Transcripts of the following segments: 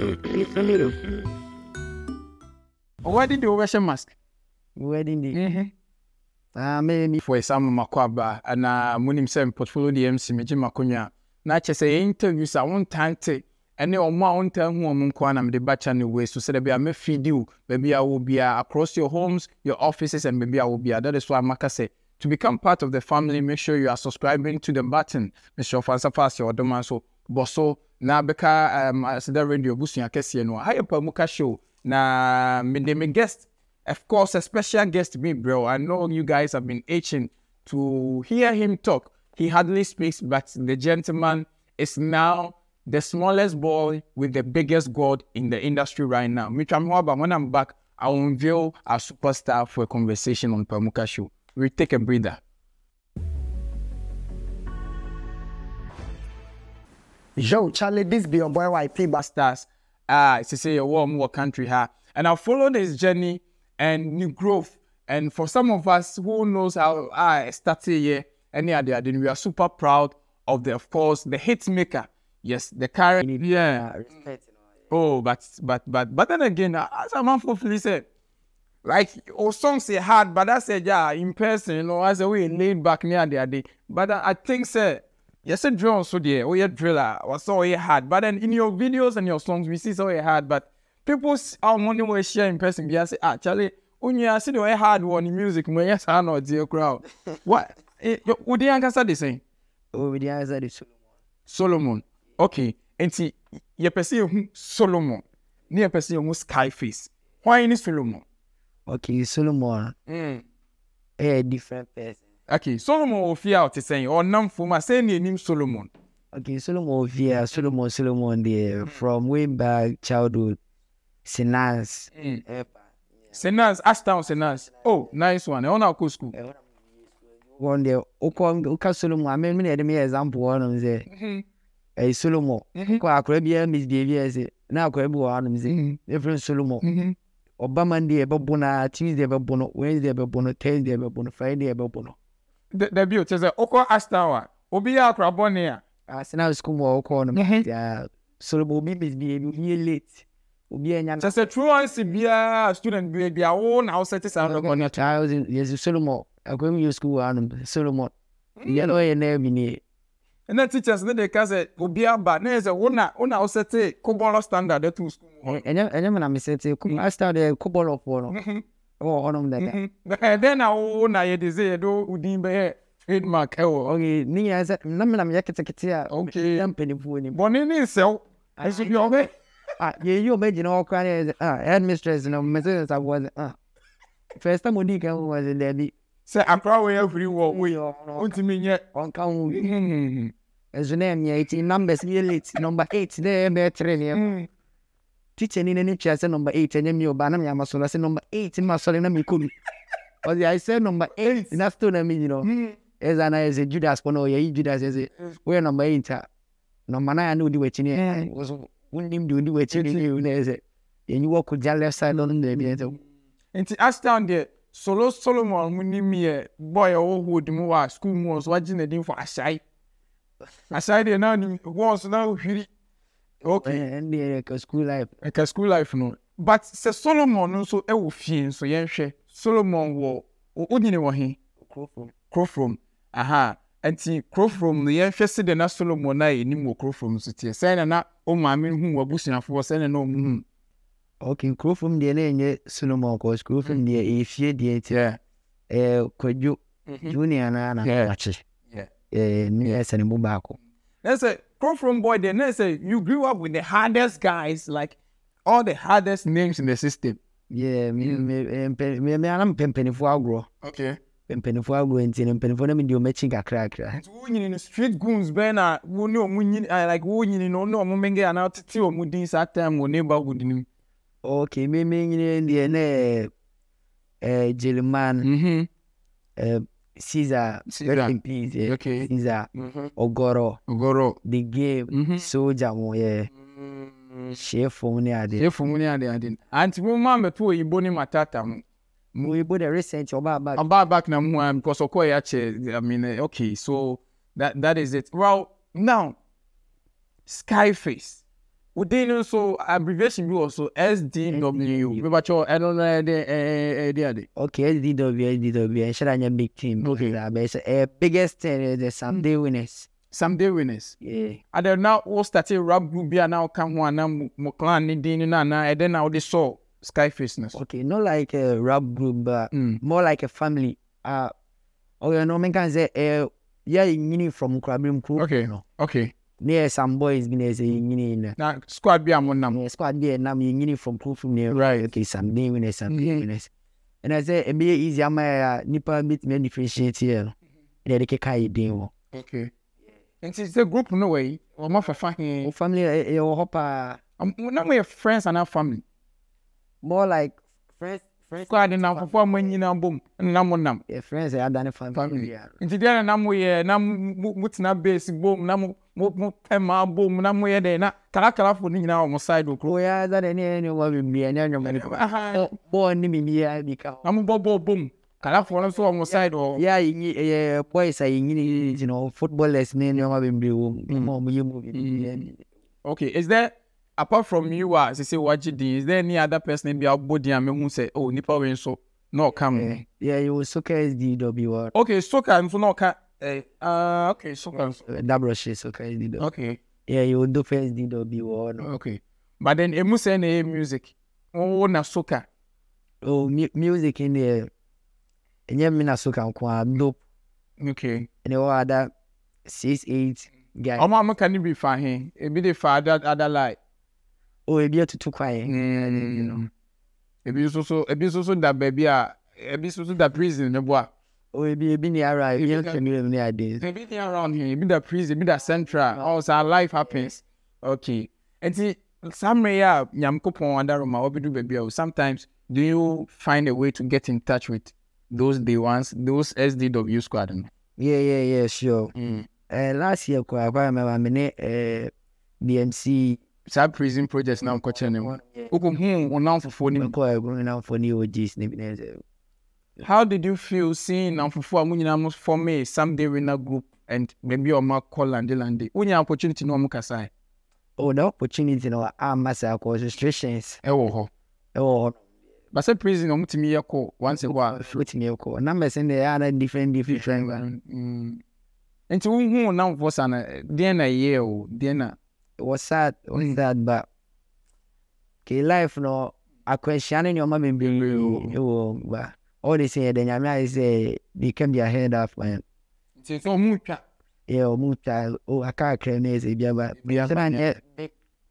Mm. wedding day wobɛhyɛ mask wedding day mm -hmm. uh, for example makɔ aba anaa monim sɛ portfolio deɛ msi megye makɔnwa a na kyɛ sɛ yɛ interview sɛ wontante ɛne ɔmo a wontaa hu ɔmo nko a na mede ba channel wei so sɛ dabi a mɛfidi wo baabi a wo biara across your homes your offices and baabi a wo biara that is why maka sɛ to become part of the family make sure you are subscribing to the button mr ofansafa asɛ ɔdoma nso bɔ so na bɛka um, aseda radio busua kɛseɛ no a ha you, pamuka show na mede me guest of course a special guest me bro i know you guys have been itching to hear him talk he hardly speaks but the gentleman is now the smallest boy with the biggest god in the industry right now mitram hoaba when i'm back i will unveil our superstar for a conversation on pamuka show we take a breather Joe Charlie, this be your boy YP Bastards. Ah, uh, say your warm war country ha. And I followed his journey and new growth. And for some of us who knows how ah, I uh, started here, any other then we are super proud of the of course the hit maker. Yes, the current ah, yeah. Oh, but but but but then again, ah, as a man for said, eh, like oh songs say hard, but I said yeah, in person, you know, as a way laid back near the other day. But I, I think sir. Yes, a drill so dear, or your driller, or so you hard. But then in your videos and your songs, we see so oh, you hard. But people our money we share in person, they say actually, ah, when you see the hard one in music, when yes, I know dear crowd. What eh, would the answer the same? Oh, the answer is Solomon. Solomon. Okay, and see, you perceive Solomon, near perceive Skyface. Why in Solomon? Okay, Solomon, mm. a eh, different person okay solomon ofia ɔte sɛn ɔnam fom a sɛn na enim solomon. okay solomon ofia solomon solomon deɛ mm. from way back childhood sinance. Mm. Eh, Ashton, sinance oh nice one ɛwɔ na akɔ school. wɔn deɛ okɔ oka solomon ame mi na yɛde mi yɛ example wɔ nom sɛ ɛyi solomon kɔ akɔrɔ bi yɛ misbehave yɛ sɛ na akɔrɔ bi wɔ hɔ nom sɛ efiri solomon ɔba monday ɛbɛbɔ no tuesday ɛbɛbɔ no wednesday ɛbɛbɔ no thursday ɛbɛbɔ no friday ɛbɛbɔ no dabi o kyerɛ sɛ wokɔ astawa obi yɛ akora bɔne a arsenal school mu ɔwɔkɔ no sorobo obi bebie obi yɛ late obi yɛ nyana kyerɛ sɛ true one student bi bi awo na awosɛ te saa dɔkɔ ne to yɛsi solomo akwam yɛ school wɔ hanom solomo hmm. yɛ na ɔyɛ na ɛna teachers ne de ka sɛ obi aba ne yɛ sɛ wo na wo na wosɛ te kobɔlɔ standard ɛto school mu ɛnyɛ ɛnyɛ mu na mesɛ te kobɔlɔ hmm. standard kobɔlɔ no mm-hmm wɔ hɔnom dada mhm. ɛdɛn na wo na yɛde sɛ yɛde wo din bɛyɛ trademark ɛwɔ okay ni nyinaa sɛ na menam yɛ ketekete a okay na mpanimfoɔ nim bɔne ne nsɛw ɛso bi ɔbɛ yɛyi ɔbɛgyina hɔ koraa ne yɛ sɛ ah head mistress no mɛsɛ sɛ aboa sɛ ah first time odi kan wɔ sɛ daabi sɛ akora wɔ yɛ afiri wɔ wei ɔntumi nyɛ ɔnka ho mhm. ɛso na ɛnyɛ ɛti numbers yɛ late number eight na ɛyɛ bɛɛ tere ne ɛma tikya ni n'ani kyerɛ sɛ nɔmba eight ɛnyɛ mi ɔbaa na mi ama sɔrɔ sɛ eight ma sɔrɔ na mi kɔ mu ɔsi ayi sɛ nɔmba eight na store na mi nyina ɛza na yɛ sɛ judas kɔ na ɔyɛ yi judas yɛ sɛ woyɛ eight ah? a nɔmba nine na odi w'akyi ni yɛ woso wunnim de odi w'akyi ni yɛ na yɛ sɛ yɛnyi wɔ ko gya left side lɔnum dɛbi yɛ sɛ. nti ashton deɛ solo solomon mu ni mi yɛ bɔɔl yɛ wɔ hood mu wa school mu wɔ so wagye na din fɔ ahyai ahyai deɛ naa ni wɔɔso naa ohwiri. okay ɛn deɛ ɛka school life. ɛka school life no but sɛ solomon nso ɛwɔ fie nso yɛn hwɛ solomon wɔ o nyini wɔ he. krofom kurofrom aha nti no yɛn de na solomon na yɛ nim wɔ kurofrom so tiɛ na na o maame hu wɔ na na ɔmo hu. deɛ na solomon kɔ deɛ mhm. ɛyɛ fie deɛ ti ɛɛ kwadwo mhm. junior na na ɛɛ ne baako. Come from boy, then they say you grew up with the hardest guys, like all the hardest names in the system. Yeah, me mm. me me me me anam pempenifu agro. Okay. Pempenifu agro nti na mpenifu na mindi omechi kakra kakra. Nti wo nyini street goons bɛ na wo ne ɔmo nyini ah, like wo nyini no ne ɔmo menge ana tete ɔmo din saa time wɔ neighborhood nim. Okay, me me nyini deɛ ne ɛɛ jeliman. Ɛɛ. Caesar, Caesar. Rest in peace. Yeah. Okay. Caesar. Mm-hmm. Ogoro. Ogoro. The game. Mm-hmm. Soldier mo yeah. Ṣéèfù mu ní adé. Ṣéèfù mu ní adé adé. Àǹtí mo máa ń bẹ̀ tó òyìnbó ní màtátà mu. Mo òyìnbó dẹ̀ recent ọba abak. Ọba abak na mu because oko ya kyẹ I mean eh, okay so that that is it. Well now Skyface wòdin no nso abbreviation bi wɔ sdw mebakyɛ ɛno no ɛde ɛde ade okay sdw sdw ɛnhyɛda nyɛ big team okay abɛsɛ ɛyɛ biggest ten is the Sunday winners Sunday winners yeah ada na wo start rap group bi a na ɔka ho ana mo clan ne din no ana ɛdɛ na wode sɔ skyface no so okay not like a rap group but mm. more like a family uh ɔyɛ no menka sɛ ɛyɛ yɛyɛ nyini from nkurabere mkuro okay no okay ne some boys bi say, ɛsɛ yɛnyini na squad bi a mo nam squad bi a ɛnam yɛnyini from kofum ne right okay some day mm-hmm. winners some day winners ɛna sɛ ɛbɛyɛ easy ama yɛ uh, a nipa bitumi differentiate yɛ no ɛna yɛde keka yɛ den wɔ okay nti sɛ group no way. yi wɔn afɛfa hɛn o family yɛ wɔ hɔ paa na mo yɛ friends ana family more like friends kora de namfofoɔ a mo anyina bom na mo nam nti deɛ na na moyɛ na motena base bom na mopɛ maa bom na moyɛ dɛn na kalakalafo no nyinaa wɔ mo side okurona mobɔ bɔɔ bom kalafoɔ no nso wɔ mo side hɔ boys a yɛnyini gyina footballers ne nneɔma bebree wɔ mu ma ɔmoyɛ mu okay is there apart from you a uh, sese wagye din is there any other person bi abɔ din a mehu sɛ o oh, nipa wei nso na ɔka mo. yɛ yɛ wɔ soka sdw. okay soka nso na ɔka ɛɛ aa okay soka nso. Eh, dabro se soka sdw. okay. yɛ yɛ wɔ dope sdw wɔ hɔ no. okay but then emu sɛ na ɛyɛ music wɔn na soka. o oh, mu music in deɛ ɛnyɛ mi na soka nko a dope. okay. ɛnna wɔn ada six eight guy. ɔmo a mo ka ni bi fa hin ebi de fa ada ada lie o oh, ebi atutu kwae. Mm, mm, mm, ebi nso so ebi nso so da baabi a ebi nso so da prison ne bo a. o oh, ebi ebi ni ara ebi nkanu ebi ni ade. ebi ni around here ebi da prison ebi da central all oh, our life happens okay nti saa mmerɛ yi a nyankopɔn adaroma wɔbɛdu baabi a o sometimes do you find a way to get in touch with those day ones those sdw squad no. yeah yeah yeah sure. Mm. Uh, last year kora kora mɛ wa mi ne eh, bmc saa prison project na nkɔkyɛ ne ho wokɔhu ɔnam fofoɔ no how did you feel seeing nam fofoɔ a mo nyinaa mo form a someday winner group and maybe ɔma kɔ landelande wonya opportunity na ɔmo kasae oh na opportunity no ama saa kɔ restrictions ɛwɔ hɔ ɛwɔ hɔ basɛ prison ɔmo tumi yɛ kɔ once a while. ɛhɔ a wotumi yɛ kɔ numbers no ɛyɛ ana different different mm. nti wohu nam fofoɔ sa no deɛ na eh, ɛyɛ o deɛ na what's that? What's hmm. that? But okay, life no. I question in your baby. You but all they say then I say they can be ahead of man. It's so much. Yeah, much. Oh, I can't claim this. Yeah, but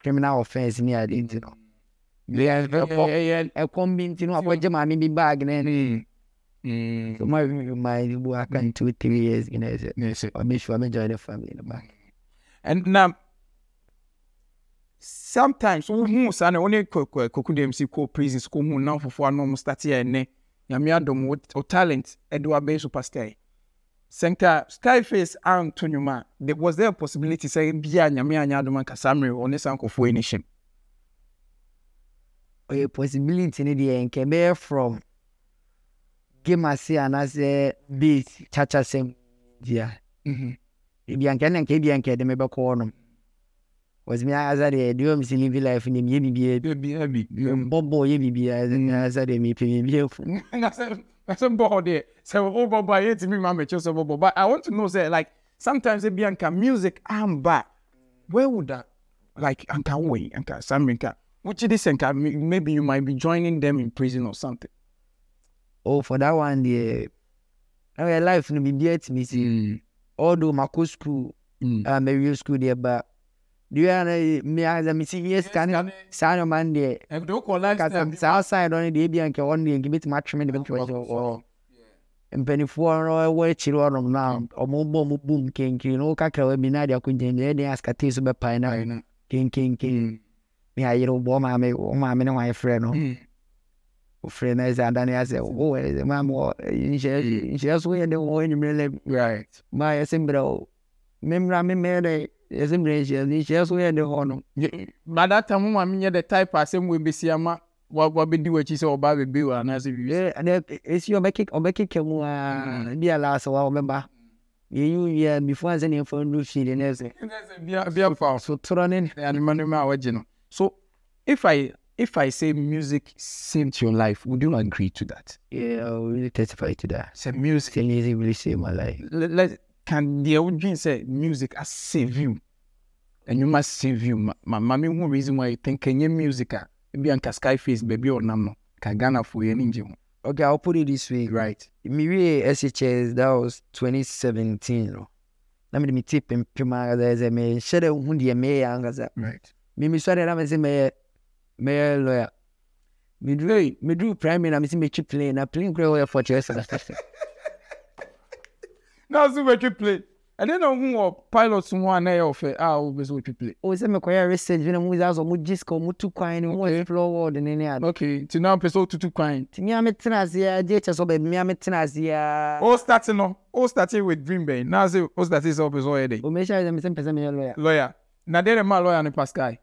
criminal offense me I didn't know. Hmm. Yeah, yeah, yeah. Ɛkɔmbi nti no akɔgye maame bi baag ne Mm. So my my work in two three years you know, it. I make sure I join the family in the hmm. And now sometimes wohu saa na wone koku dmc kɔ prisons kɔhu na fofoɔ ano mo starte a ɛnɛ nyame adom wo talent ɛde wabɛyɛ superstar yi sɛnka skyface anto nnwom a there was there a possibility sɛ bia nyame anyɛ adom anka saa mmere ɔne saa nkɔfoɔ yi ne hyɛm ɔyɛ possibility no deɛ nkɛ bɛyɛ from game ase anaasɛ base chacha sɛm dea mhm. ebi anka ɛna nka ebi anka ɛde mebɛkɔ hɔnom wɔtumi ayɛ deɛ deɛ ɔmi si living life ne miyɛ biribiara bi biribiara bi mbɔbɔ yɛ biribiara ɛsɛ mi ayɛ deɛ mi pɛ biribiara fu. nasɛ mbɔbɔ deɛ sɛ o bɔbɔ a yɛ ti mi ma mɛ kyerɛ sɛ bɔbɔ but i want to know sɛ like sometimes ebi anka music amba where would that like anka wei anka sami nka which this anka maybe you might be joining them in prison or something. oh for that one deɛ na yɛ life no biribiara ti mi si mm. although mako school. Mm. Uh, Mario school there, but Duyana miyaza misigiye skani sano mande. na omo mo bum kenkin no ka ka bi na dia ko njenye askate so be pa na. Me ayiro bo ma me o ma me no wa frɛ no. Hmm. O frɛ na za dan ya se so ye de wo ni me Ma ya sembra o. Memra me yɛsɛ mmerɛ nhyia nhyia so yɛ de hɔ no by that time wo maame nyɛ the type asɛm wɔ ɛbɛsi ama wabɛdi w'akyi sɛ ɔba bɛbe wɔ anaasɛ biribi ɛsi ɔbɛkeka mu a mm. bia laasɛ wa ɔbɛba yɛyi wie a before ansɛ ne ɛmfa no fie de ne ɛsɛ bia fa so torɔ ne animanoma a wɔgye no so if i if I say music saved your life, would you agree to that? Yeah, I really testify to that. So music can really saved my life. Let, let, can the origin say music as save you and you must save you my mammy one reason why you think can you music ah, be on skyface baby or no can ghana for you ninja okay i'll put it this way right miri shs that was 2017 no na mede mete pempem ankasa sɛ mehyɛ dɛ hu right. meyɛ ankasa memesua deɛ na Me, mɛyɛ Me do, me do. prime na mese metwi plane na plane kora wɔyɛ fortress na so bɛtwe play. ɛne na ɔhu wɔ pilot ho a na ɛyɛ ɔfɛ a wobɛ sɛ wɔtwe play. o oh, sɛ mekɔyɛ research bi na mu sɛ mo gye sika ɔmotu kwan no mo explore world ne ne ade okay nti na mpɛ sɛ wotutu kwan nti mea metena aseɛ gye kyɛ sɛ ɔbaabi mea metena aseɛ o start no o start with dream bɛn na sɛ o start sɛ wopɛ sɛ ɔyɛ dɛn ɔmɛhyɛ sɛ mesɛ mpɛ sɛ meyɛ lawyer lawyer na deɛ ne ma lawyer no pascal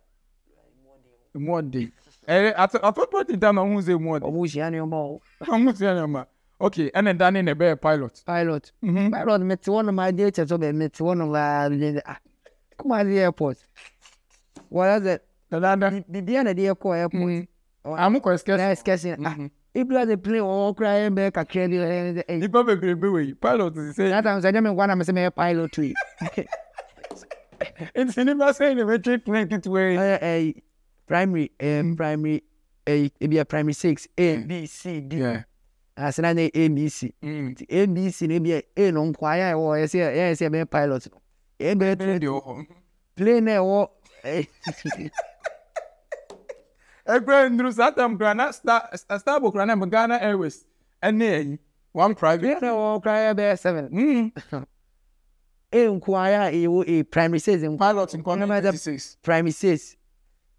mu ɔden ɛɛ atɔ atɔ pɔtin ta na ɔhu sɛ mu ɔden ɔmo hyia nneɛma o ɔmo hyia nneɛma okay ɛna da ne na ɛbɛyɛ pilot. pilot mm-hmm. pilot mete hɔ nom adeɛ kyɛ so bɛ mete hɔ nom aa de ah kumasi airport wɔyɛ sɛ. dadaada bibiya na deɛ kɔ airport. amu mhm. ah, kɔ excursion na excursion ah ebile mhm. de plane wɔn kura yɛn bɛ kakra bi ɛyɛ sɛ. nipa bebrebe wɔ yi pilot sise. yàtà nsọ ẹjẹ mi nkwa na mi sẹ mi yɛ pilot yi. nti ni bá sẹ́yìn ní tí plane ketewa yi. ɛɛ ɛɛ primary ɛɛ mhm. primary ɛɛ ebi yɛ primary six a b c d. Yeah asena ne ABC nti mm. ABC no bi a no nko ayɛ a ɛwɔ hɔ yɛsɛ yɛyɛ sɛ yɛbɛyɛ pilot no yɛbɛyɛ plane deɛ wɔ plane na ɛwɔ ɛkura nduru saa tam kura na star star bo kura na mo Ghana Airways ɛne ɛyi one private plane wɔ kura yɛbɛyɛ seven e nko ayɛ a ɛwɔ a primary six nko pilot nko na ɛbɛyɛ six primary six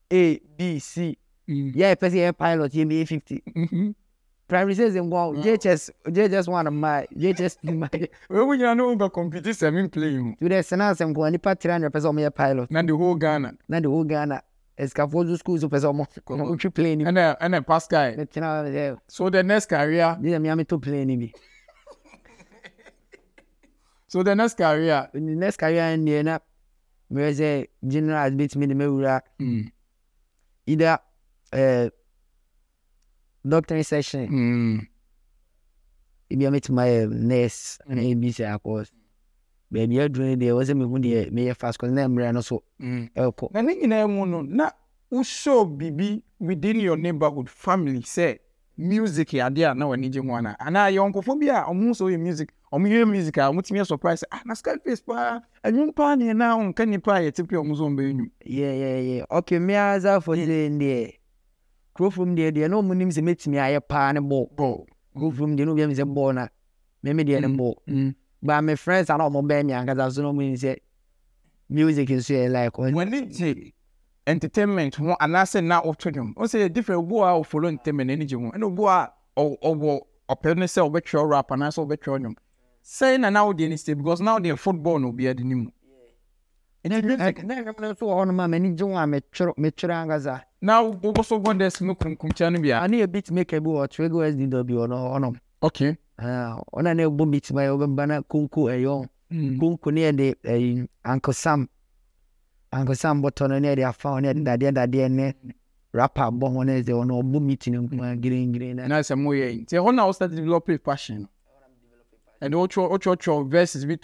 A B C yɛ pɛ sɛ yɛyɛ pilot yɛ bɛyɛ fifty primary six nko jhs jhs one my, jhs two mmaa. wọ́n mu nyinaa ní wọn bɛ kɔmpiti sẹ́mi play mu. to the senate nko nipa three hundred pɛ sɛ wɔn yɛ pilot. na the whole ghana. na the whole ghana esikafoɔ zu school so pɛ sɛ wɔn wɔn twi plane. ɛnna ɛnna pascal. ne tena wɔn sɛ. so the next career. ne yɛ miami to plane bi. so the next career. the next career nìyɛn na mɛ sɛ general bit Me ni mɛ wura. either Uh, doctoring session. Mm. Ebi a meti my eh, nurse na ebi sɛ akɔ beebi aduru ne deɛ wɔsɛ mehu deɛ meyɛ fast cause na mmerɛ no so ɛkɔ. Hmm. Na ne nyinaa mu no na wosɔ Bibi within your neighborhood family sɛ music yɛ adeɛ a na w'ani gye ho ana anaa yɛ nkɔfo bi a ɔmo nso yɛ music ɔmo yɛ music a ɔmo ti yɛ surprise ah na scarface paa ɛnwom paa ne yɛ na nka nipa a yɛ ti pe ɔmo nso ɔmo bɛ yɛ yɛ yɛ yɛ okay mmea azafo de deɛ kuro fam deɛ deɛ na ɔmo nim sɛ mɛtumi ayɛ paa ne bɔɔl kuro deɛ na obi sɛ bɔɔl na mɛmi deɛ ne mm, bɔɔl mm. ba me friends a ɔmo bɛn mi ankasa so na ɔmo nim sɛ music nso yɛ like ɔn. wɔn gye entertainment ho anaasɛ na ɔtɔ dwom o sɛ different obu a ɔfolo entertainment n'ani gye ho ɛna obu a ɔwɔ ɔpɛ ne sɛ ɔbɛtwerɛ rap anaasɛ ɔbɛtwerɛ dwom sɛn na na ɔdeɛ ne sɛ because na ɔdeɛ football na obiara de ne mu mekyerɛ ankasa na wokɔ so bɔ dɛ sɛ mekunkumkyɛ no bia ne yɛbɛtumi ka bi wɔ trego sdw ɔnom ok ah, ɔna ne ɛbɔ metima yɛ wobɛba na konko ɛyɛ hmm. konko ne yɛde ankosam eh, ankosam bɔtɔ no ne yɛde afa hɔ ne yɛde dadeɛ dadeɛ ne rapa bɔ ho ne ɛsɛ ɔno ɔbɔ na sɛ moyɛ nti ɛhɔ na wo start develop passion no ɛde verses bi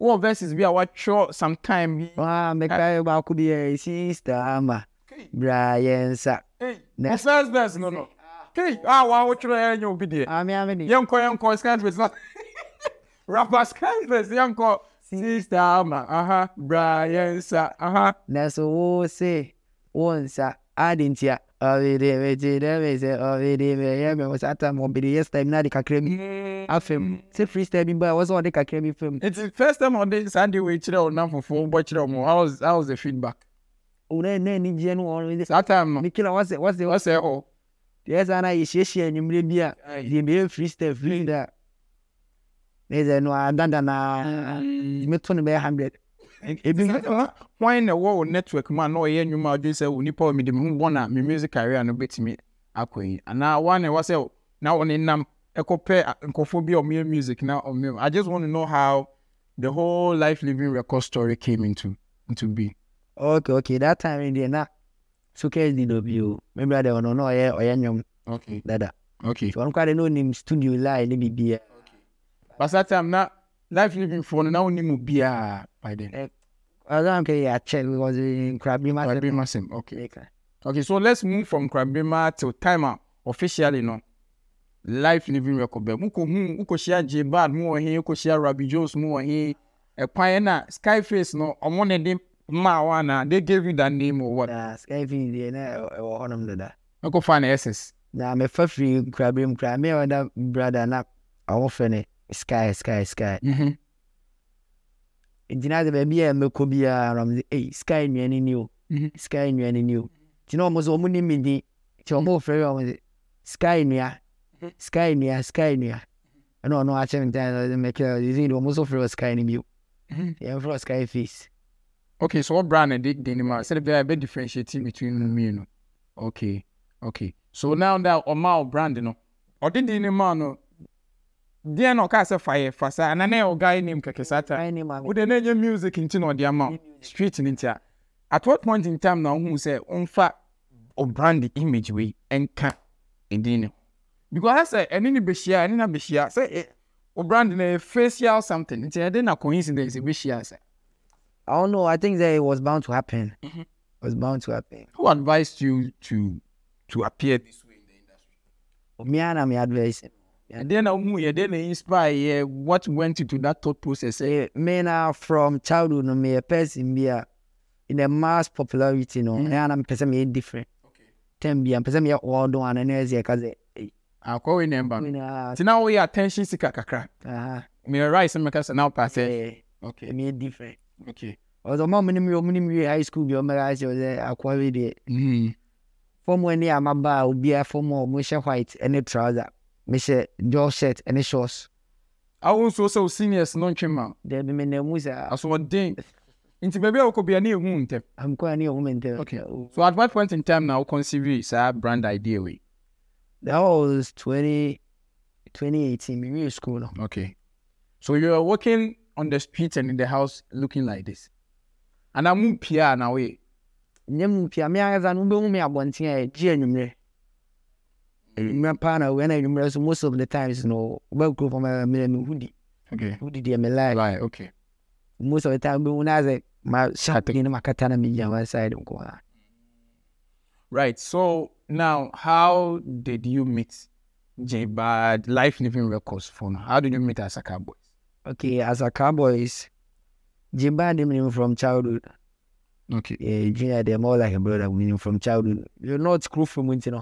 wɔ verses bi a wɔatwerɛ sometime bi. waa mɛka baako bi yɛ sista ama bra yɛn nsa. the first verse no no kei a waa wotwerɛ yɛn nyɛ obi deɛ. ami ami de. yɛn kɔ yɛn kɔ scan face na rapper scan face yɛn kɔ sista ama aha uh-huh. bra yɛn nsa aha. Uh-huh. na so wo se wo nsa adi ntia afem sɛ freestyle bi baa wɔ sɛ ɔde kakra bi fam nti first time ɔde saa de wei kyerɛ wo nam fofoɔ bɔ kyerɛ mu how was how was the feedback ɔwura na ani gyeɛ no wɔ saa time no mekila wasɛ wasɛ wasɛ hɔ deɛ saa na yɛhyiahyia anwummerɛ bi a deɛ meyɛ freestyle freestyle na ɛsɛ no adada na meto no bɛyɛ hundred ebi wọn na ɛwɔ wɔ network mu a na ɔyɛ nnwuma a ɔdwen sɛ onipa a de mi ho mi music career no betumi akɔ yi anaa wɔn na ɛwɔ sɛ na wɔn nam ɛkɔpɛ nkɔfo bi a wɔn yɛ music na wɔn mu i just want to know how the whole life living record story came into into be. okay okay that time in there na sukɛs di do bi o mi brada ɔno na ɔyɛ ɔyɛ nnwom. okay dada. okay wɔn kɔ adi na onim studio line ne bi bia. basa time na life living for no na onim biara. Eh, Biden. Uh, okay, yeah, check because in Krabima. Krabima same. Okay. okay. Okay, so let's move from Krabima to timer officially no. Life living record. Bẹ́ẹ̀ mu kò hu hmm, mu kò ṣe àjẹ bad mu wọ̀ hin kò ṣe àràbí Jones mu wọ̀ hin ẹ̀kwan eh, náà Skyface no ọmọ ní di mmaa wa na they gave you that name or what. Uh, Skyface deɛ na. ɛwɔ hɔnom dada. Ẹ kò fa na SS. Na mɛfa firi Krabim Krabim mi ɔda brada na ɔmo fɛ ne sky sky sky. Mm -hmm nti na de baabi a mɛkɔ biara na mede ei nnuane ni o mhm. sky nnuane ni o nti na ɔmo sɛ ɔmo ne me din nti ɔmo frɛ me ɔmo sɛ sika nnua mhm. sika nnua sika nnua mhm. ɛna ɔno akyɛ me ntae sɛ mɛkyerɛ ɔde sɛ ɔmo nso frɛ wɔ sika no bio yɛmfrɛ wɔ sika face okay so what brand did they name out? So a are differentiating between them, you Okay, okay. So now that Omar brand, you know, or did they name deɛ na ɔka sɛ fa yɛ fa saa ana na yɛ ɔga anim kɛkɛ saa ta wode na ɛnyɛ music nti na ɔde ama street no nti a at what point in time na wohu sɛ ɔmfa eh, ɔbrand image wei ɛnka ɛdin ne ho because sɛ ɛne ne bɛhyia ɛne na bɛhyia sɛ ɔbrand no yɛ facial something nti ɛde na coincidence bɛhyia sɛ I don't know. I think that it was bound to happen. Mm-hmm. It was bound to happen. Who advised you to to appear this way in the industry? Me and I'm advising. And then I mu yɛ then they inspire uh, what went into that thought process. Uh, me na from childhood no me a person bi a in the mass popularity no mm. ɛyà na mpɛ sɛ me yɛ different. Tɛn bi a mpɛ sɛ mi yɛ ɔɔdun ana ne yɛ ka sɛ. Eh, akɔwe ne mba. Ti na wo yɛ attention sika kakra. Mi yɛ rice mi ka sɛ na o pa sɛ. Okay. yɛ different. Okay. Ɔsɔ maa mu ni mi yɛ ɔmu ni mi yɛ high school bi ɔmu yɛ sɛ akɔwe deɛ. Mm-hmm. Fɔmu yɛ ne yɛ amaba a obiara fɔmu a ɔmu hyɛ white ɛne trouser mehyɛ jɔl shirt ne shorts. awo nsuo sɛ o seniors no ntwe ma. dɛbi mi na emu saa. asoɔden nti baabi a wokɔ bia ne ehu ntɛm. amukɔ ne ehu mi ntɛm. okay so at what point in time na wokɔ nsibi saa brand idea wei. that was twenty twenty eighteen mi wii school no. okay so you were working on the street and in the house looking like this and ana mu pia na We. nye mu pia mi ayɛ sa no mo bɛ mu mi abɔnten a yɛ gye enyimire. mmepa eh, na wɛn na so most of the times no wɛ kuro fama mi na mi hudi hudi deɛ mi lie most of the time bihu na sɛ ma sharp ni na ma kata na mi yi a one right so now how did you meet J Bad Life Living Records from how did you meet Asaka Boys? Okay, Asaka Boys, J Bad knew from childhood. okay. yeah, junior they're more like a brother you from childhood you're not crew from you know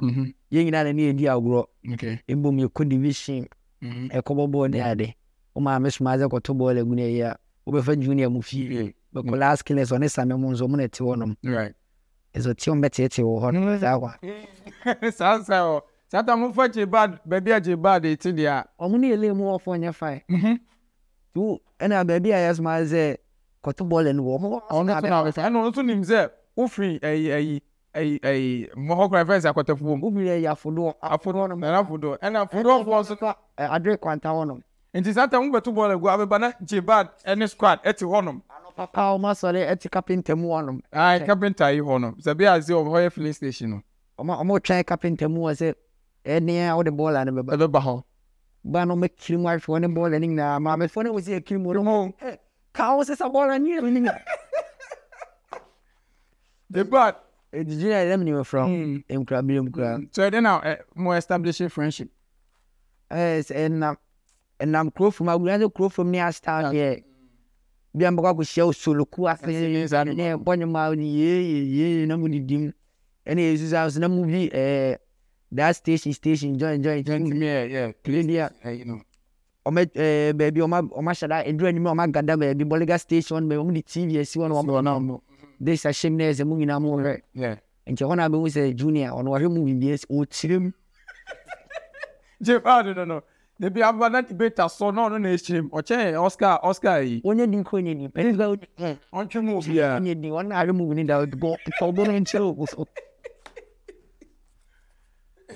yɛn nyinaa na ne yɛdi agorɔ mbom yɛkɔ division ɛkɔbɔ bɔɔl ne ade wo maame soma adze kɔto bɔɔl agu no ɛyi oh, a wobɛfa junior mu fie bɛkɔ last killers ɔne same mu nso ɔmo na ɛte hɔ nom ɛsɛ ɔte ɔmo bɛteetee wɔ hɔ no saa kwa saa saa hɔ saa ta mo fa kye bad baabi a kye bad eti deɛ a ɔmo ne yɛ lɛ mu wɔfɔ nyɛ fae ɛna baabi a yɛ soma adze kɔto bɔɔlɛ no wɔ ɔmo ɔno so na abɛsa ɛna ɔno so nim sɛ wofiri ɛyi ɛyi ɛyi ɛyi mmɔhɔ kora fɛn sɛ akɔtɛfoɔ mu wofiri ɛyi afodoɔ afodoɔ nom ɛna afodoɔ ɛna afodoɔfoɔ so ka adre kwanta hɔ nti saa tam wobɛto bɔɔlɛ gu abɛba na jebad ɛne squad ɛte hɔ nom papa ɔmo asɔre ɛte kapinta mu hɔ nom ae kapinta yi hɔ nom sɛbi ase ɔmo filling station no ɔmo ɔmo twɛn kapinta mu hɔ sɛ ɛnea wode bɔɔlɛ no bɛba ɛbɛba hɔ ba no ɔmo akiri mu ahwɛ hɔ ne bɔɔlɛ no mu no Caos essa bola minha, menina. The bad. The junior them you from. Mm. Mm. So then now, uh, more establishing friendship. Yes, and um, and I'm close from. I would close from near start Yeah, Yeah, Bi an bɔkɔ ko sɛw soloku ase ne bɔnyɔma ni ye ye ye na mu ni dim ɛna esu sa na mu bi ɛɛ that station station join join. Join to me yeah yeah. Play there. You know. ɔmɛ ɛɛ eh, baabi ɔma ɔma hyɛda aduru anim ɔma gada baabi bɔlega station baabi ɔmo de tv asi hɔ na ɔmo ɔnam no desa hyɛm na ɛsɛ mo nyinaa mo hwɛ nti hɔ na bɛhu sɛ junior ɔno ɔhwɛ mu bibi ɛsɛ ɔkyerɛm jepa ah, no no ebi aba na debate asɔ na ɔno na ekyirem ɔkyɛn oscar oscar yi. onye di nko onye di pɛlɛ sika onye. ɔntwe mu obi a. onye di ɔno na ahwɛ mu bi ni da ɔbɔ ɔbɔ na nkyɛn o so.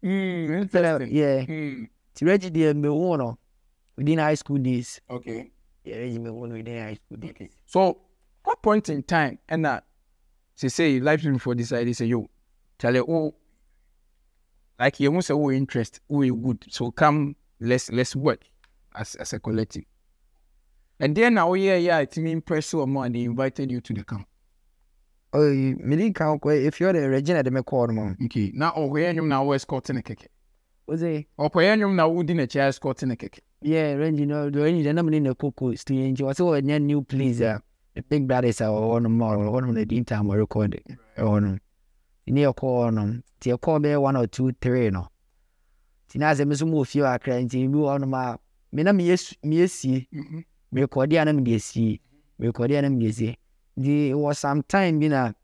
Mm, interesting. Yeah. Mm. Reggie DM Mewono oh, within high school days. Okay. Yeah, Reggie Mewono within high school days. Okay. So what point in time and that she say life before I say yo, tell you oh like you almost say oh interest, oh good. So come let's let's work as as a collective. And then now yeah yeah it's me you so and they invited you to the camp. Oh, me didn't count. If you're the Regina, they make call them. Okay. Now, oh, we're now we're escorting Oze. Opayanyum na wood in a chair scot in a cake. Yeah, range you know, the range and I'm in a cocoa stage. What's all a new place? Uh, the big brothers are on more on the din time we're recording. On near corner. Till call there one or two, three no. Tina as a miss move you are crying to you on my. Mena me yes, me see. Me cordial and me see. Me cordial and me see. There was some time, you know.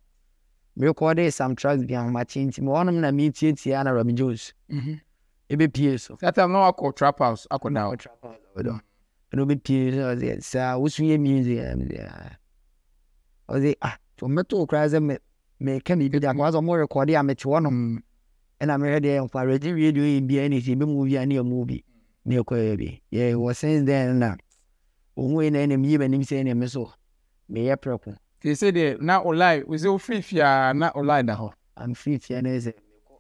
Me recorded some tracks behind my chin. Me na them and me, Tiana Robin Jones. Mm-hmm ebepie so. that time na wakɔ trap house akɔ da hɔ. trap house ɔdɔ ɛna obepie so ɔsɛ saa wosu yɛ music ɛm de aa ɔsɛ ah to mɛto okura sɛ mɛ mɛ kɛ mi bi da kɔ asɔ mo rekɔdi a mɛ te hɔ nom mm. ɛna mɛ yɛ deɛ nkwa redi radio yɛ bi ɛna esi ebi mu bi ani ɛmu bi ne kɔ yɛ bi yɛ wɔ since then na ohun yi na ɛna mi yi bɛ nim sɛ ɛna mi so mɛ yɛ prɛko. te se deɛ na ɔlai ɔsɛ ofiri fia na ɔlai da hɔ. am firi fia na ɛsɛ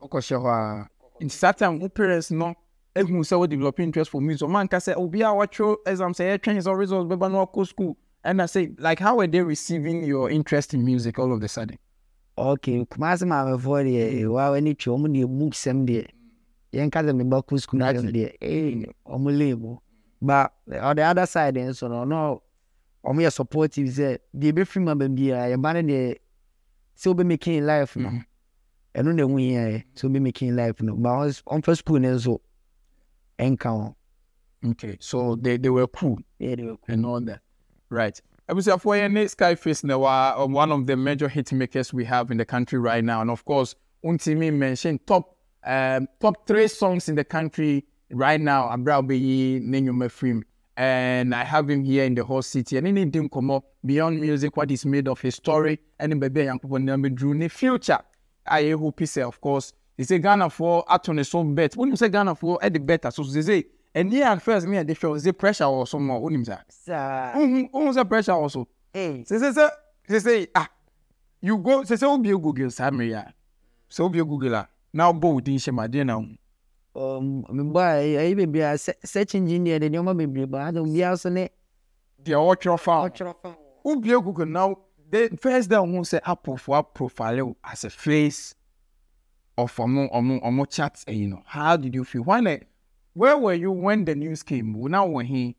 ɔkɔ hyɛ hɔ aa nti saa time wo parents no ehu sɛ wo develop interest for music Man, anka sɛ obi a wɔtwerɛ exam sɛ yɛtwɛn sɛ result bɛba na ɔkɔ school ɛna sɛ like how were they receiving your interest in music all of a sudden. ok kumasi maamefoɔ hmm. deɛ wa wani twɛ ɔmo deɛ book sɛm deɛ yɛn kasa mi ba kó sukuu náà deɛ ee ɔmo leebo ba on the other side nso eh, no ɔno ɔmo yɛ supportive sɛ deɛ ebi firi ma baabi a ah, yɛ ba ne deɛ sɛ obi mi kin life no. Mm -hmm ɛno na ɛho hiaɛ so be making life no but ɔmfa school no nso ɛnka ho okay so they, they were cool yeah, they were cool and all that right abusuafoɔ yɛ ne skyface na wa um, one of the major hit makers we have in the country right now and of course wontumi mention top um, top three songs in the country right now Abraham obeyi ne nnwoma firim and I have him here in the whole city. And in dim, come up beyond music, what is made of his story, and in baby and drew in the future ayɛho pisa of course sese ghanafoɔ ato ne so bet wonim sɛ ghanafoɔ ɛde bet aso so sese ɛni at first mi a de fɛ say pressure wɔ so ma wonim sa ohun ohun sɛ pressure wɔ so say say say. ah you go Say obi e google saa ya sɛ obi e a na ɔbɔ odin hyɛ ma adeɛ na ho. a ɛyɛ bebree a search engine deɛ de nneɛma bebree ba adi obiara so ne. deɛ ɔtwerɛ fa ɔtwerɛ fa obi e na the first day ɔmo sɛ aporɔfo aprofile as a face of ɔmo ɔmo ɔmo chat ɛyi eh, no how did you feel When like eh, where were you when the news came wona wɔ he.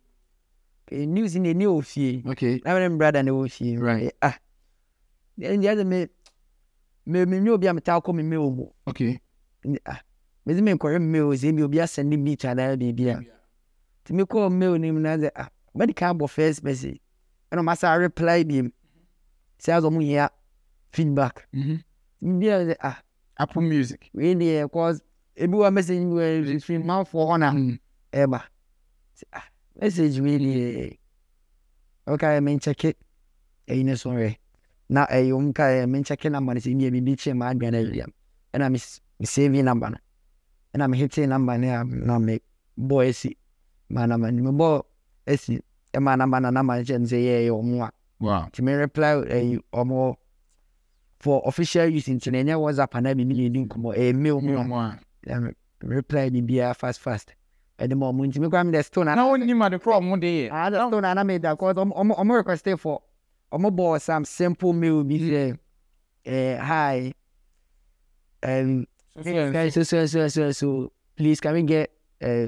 Eh, news ni ni o fie. okay ah. na mi brother brada ni o fie. right ah ndi ɛdi mi mi mi mi obi a mi taa kɔ mi mi o okay ah mi di mi nkɔhwɛ mi mi o zi mi obi asɛn ni mi ta na biribi a ti mi kɔ mi o ni mu na sɛ ah medical bɔ first message ɛna ɔmo asa reply bi mu sai azɔmu hear feedback. Mm-hmm. a like, ah. Apple Music. We there cause ebi wa message mi wɛ fifin manfoɔ hɔ na mm. ɛba ah message mi deɛ ɔka yɛ menkyɛke ɛyi ne so yɛ na ɛyɛ ɔmu ka yɛ menkyɛke namba no sɛ bi a biribi kye ma aduane awia ɛna me savi namba no ɛna mehete namba no a na mebɔ asi ma namba no mebɔ asi ɛma namba na namba no kyɛ no sɛ yɛɛyɛ ɔmo a nti me reply ɛyi ɔmo for official use nti na ɛnyɛ whatsapp i mimi ne ni nkɔmɔ ɛyɛ mail mu a reply ni biara fast fast ɛdi ma ɔmo nti mi kura mi de stone ana. na wọn ni ma de kura ɔmo de yɛ. aa i stone ana mi da cause ɔmo ɔmo requesting for ɔmo bɔ some simple mail bi sɛ ɛɛ hi um, so, so, so, so, so, so please can we get uh,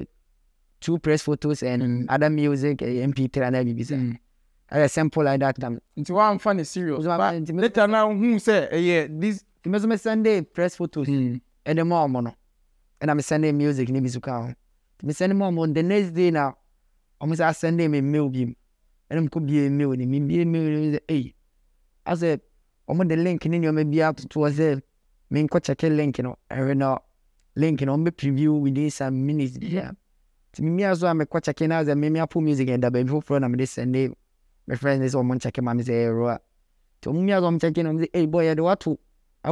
two press photos and mm. other music uh, mp3 and everything. Mm ɛyɛ simple like that time. nti wa nfa ne serious but later na hun sɛ ɛyɛ this. mmesom sunday press photos hmm. ɛne mu ɔmo no ɛna me sunday music ne bi so ka ho me send mu ɔmo the next day na ɔmo sɛ asɛnde me mail bi mu ɛna mekɔ bie mail ne me bie mail ne sɛ ɛyi asɛ ɔmo de link ne nneɛma bi atoto hɔ sɛ menkɔ kyɛkɛ link no ɛhwɛ na link no ɔmo bɛ preview within some minutes bi a nti me mia so a mekɔ kyɛkɛ na asɛ me mia po music ɛda baabi foforɔ na mede sunday. My friend is someone checking my say roa. To me as I'm checking I'm say hey boy do what to